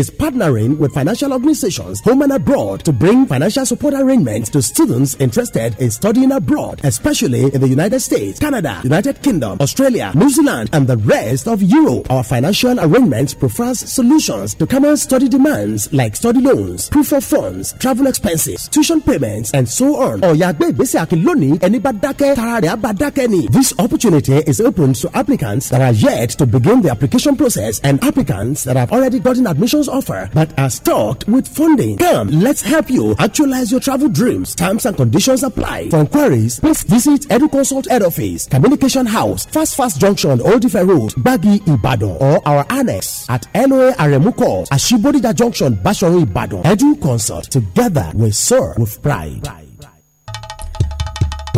is partnering with financial organizations home and abroad to bring financial support arrangements to students interested in studying abroad especially in the United States, Canada, United Kingdom, Australia, New Zealand and the rest of Europe. Our financial arrangements provides solutions to common study demands like study loans, proof of funds, travel expenses, tuition payments and so on. Ọ̀yà gbé ìgbésẹ̀ lónìí ẹni bá dákẹ́ tara rẹ̀ bá dákẹ́ ni. This opportunity is open to applicants that are yet to begin the application process and applicants that have already gotten admissions offer but are stuck with funding. Come, let's help you actualize your travel dreams. Terms and conditions apply. For inquiries, please visit EduConsult Head Office, Communication House, Fast Fast Junction, Old Ife Road, Bagi, Ibadan, or our annex at LOA Aremu Court, Ashibodija Junction, Bashoru, Ibadan. EduConsult, together we soar with pride. pride.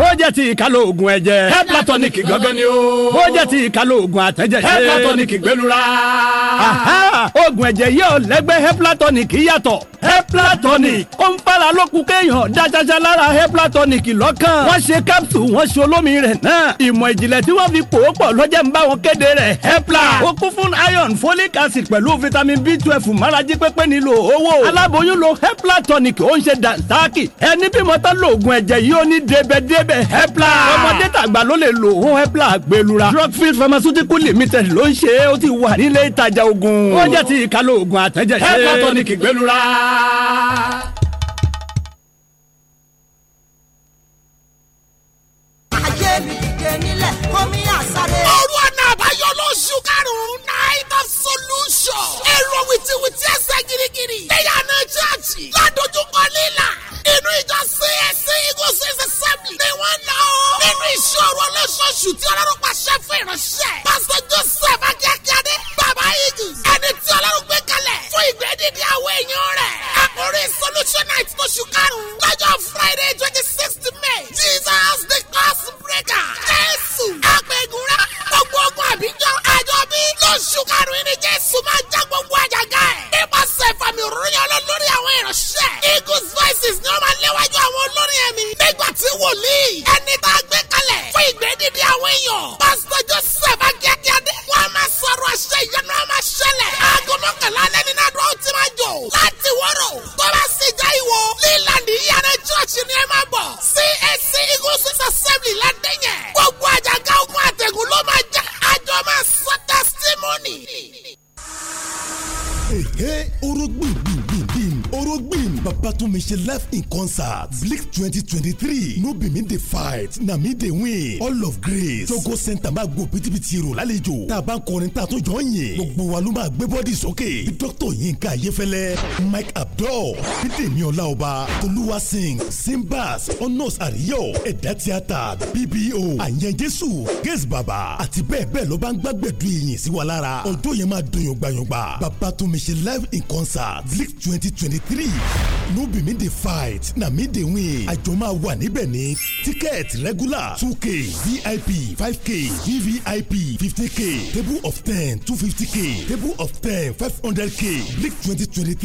bó jẹ́ ti ìkàlò oògùn ẹ̀jẹ̀. head platonic gangan ni o. bó jẹ́ ti ìkàlò oògùn àtẹ̀jẹ̀ ṣe. head platonic gbẹlura. oògùn ẹ̀jẹ̀ yóò lẹ́gbẹ́ head platonic yàtọ̀. head platonic. ó ń fara lókun kéèyàn dáṣáṣá lára head platonic lọ́kàn. wọ́n ṣe capsule wọ́n ṣe olómi rẹ̀ náà. ìmọ̀ ìjìnlẹ̀ tí wọ́n fi pòó pọ̀ lọ́jẹ́ ń bá wọn kéde rẹ̀ hepla. ó kún fún iron folic acid pẹ̀lú vitamin b twelve márajì pépé nílò owó. aláboyún lo hepla tonic ó ń ṣe dànsákì. ẹni bímọ tán lóògùn ẹ̀jẹ̀ yìí ó ní débẹ̀débẹ̀ níbẹ̀ hepla ọmọdé tàgbà ló lè lo ohun hepla gbẹlura drugfield pharmaceutical limited ló ń ṣe ó ti wà nílé ìtajà oògùn wọ́n jẹ́ ti ìkálò oògùn àtẹ́jẹsẹ́ hepla tonic gbẹlura. ajé mi dìde nílẹ̀ kọ́mí àsáré. ọ̀rọ̀ àná àbáyọ lóṣù karùn-ún night of solution. èrò wìtìwìtì ẹsẹ̀ gírígírí. lẹ́yìn àná church. ládojúkọ lílà. inú ìjọ csc eagles bíbélì. ní wọn lọ o. nínú ìṣòro olóṣooṣù tí ọlọ́run pàṣẹ fún ìránṣẹ́. pásítọ̀ joseph akíakíadé. bàbá eagles. ẹni tí ọlọ́run gbé kalẹ̀. fún ìgbé dídí àwọn èèyàn rẹ̀. àkórí solutionite lóṣù karùn-ún. lọ́jọ́ friday twenty sixth may. jesus the cross breaker. jésù. àpègùn rẹ̀. gbogbo ogun àbíjọ. àjọ bí. lóṣù karùn-ún ni jésù máa já gbogbo àjàgà ẹ̀. nípasẹ̀ fàmì òróró yẹn lọ lórí ìránṣẹ́. Eagles voices ni wọ́n máa léwájú àwọn olórin ẹ̀mí. nígbà tí wòlíì ẹni tá a gbé kalẹ̀ fún ìgbẹ́ dídí àwọn èèyàn. pásítọ̀ Joseph akíákíádé. wọ́n á máa sọ̀rọ̀ àṣẹ ìyanu á máa ṣẹlẹ̀. aago mọ́kànlá lẹ́ni náà dúró ti máa jò. láti wọ́rọ̀ tó bá sì já ìwò. leland ìyànà church ni ẹ máa bọ̀. CAC Eagles assembly ládẹ́yẹn. gbogbo àjàgà ogun àtẹ̀gùn ló máa já. àjọ máa sọ testimony. Ehe, orogbo ìgbìmọ̀ Rogbin Babatunmise live in concert Blix twenty twenty three No Be Me Dey Fight Na Me Dey Win All of Grace Jogo Center máa gbó pitipiti rò lálejò tá a bá ń kọrin tá a tún jọ ń yìn gbogbo wa ló máa gbé bọ́dì sókè Dr Yinka Ayefẹlẹ Mike Abdul Bídèmí Ọláọba Tolúwa Sing Simbas Honours Àríyọ̀ Ẹ̀dá Tíátà BBO Àyẹn Jésù Gẹ́sì Bàbá àti bẹ́ẹ̀ bẹ́ẹ̀ ló bá ń gbàgbẹ́dù ìyìn sí wa lára ọjọ́ yẹn máa dùn yọ̀ngbàyọ̀ngbà Babatunmise live in concert Blix twenty twenty three three no be me dey fight na me dey win àjọ máa wà níbẹ̀ ní ticket regular two k vip five k vvip fifty k table of ten two fifty k table of ten five hundred k league twenty twenty three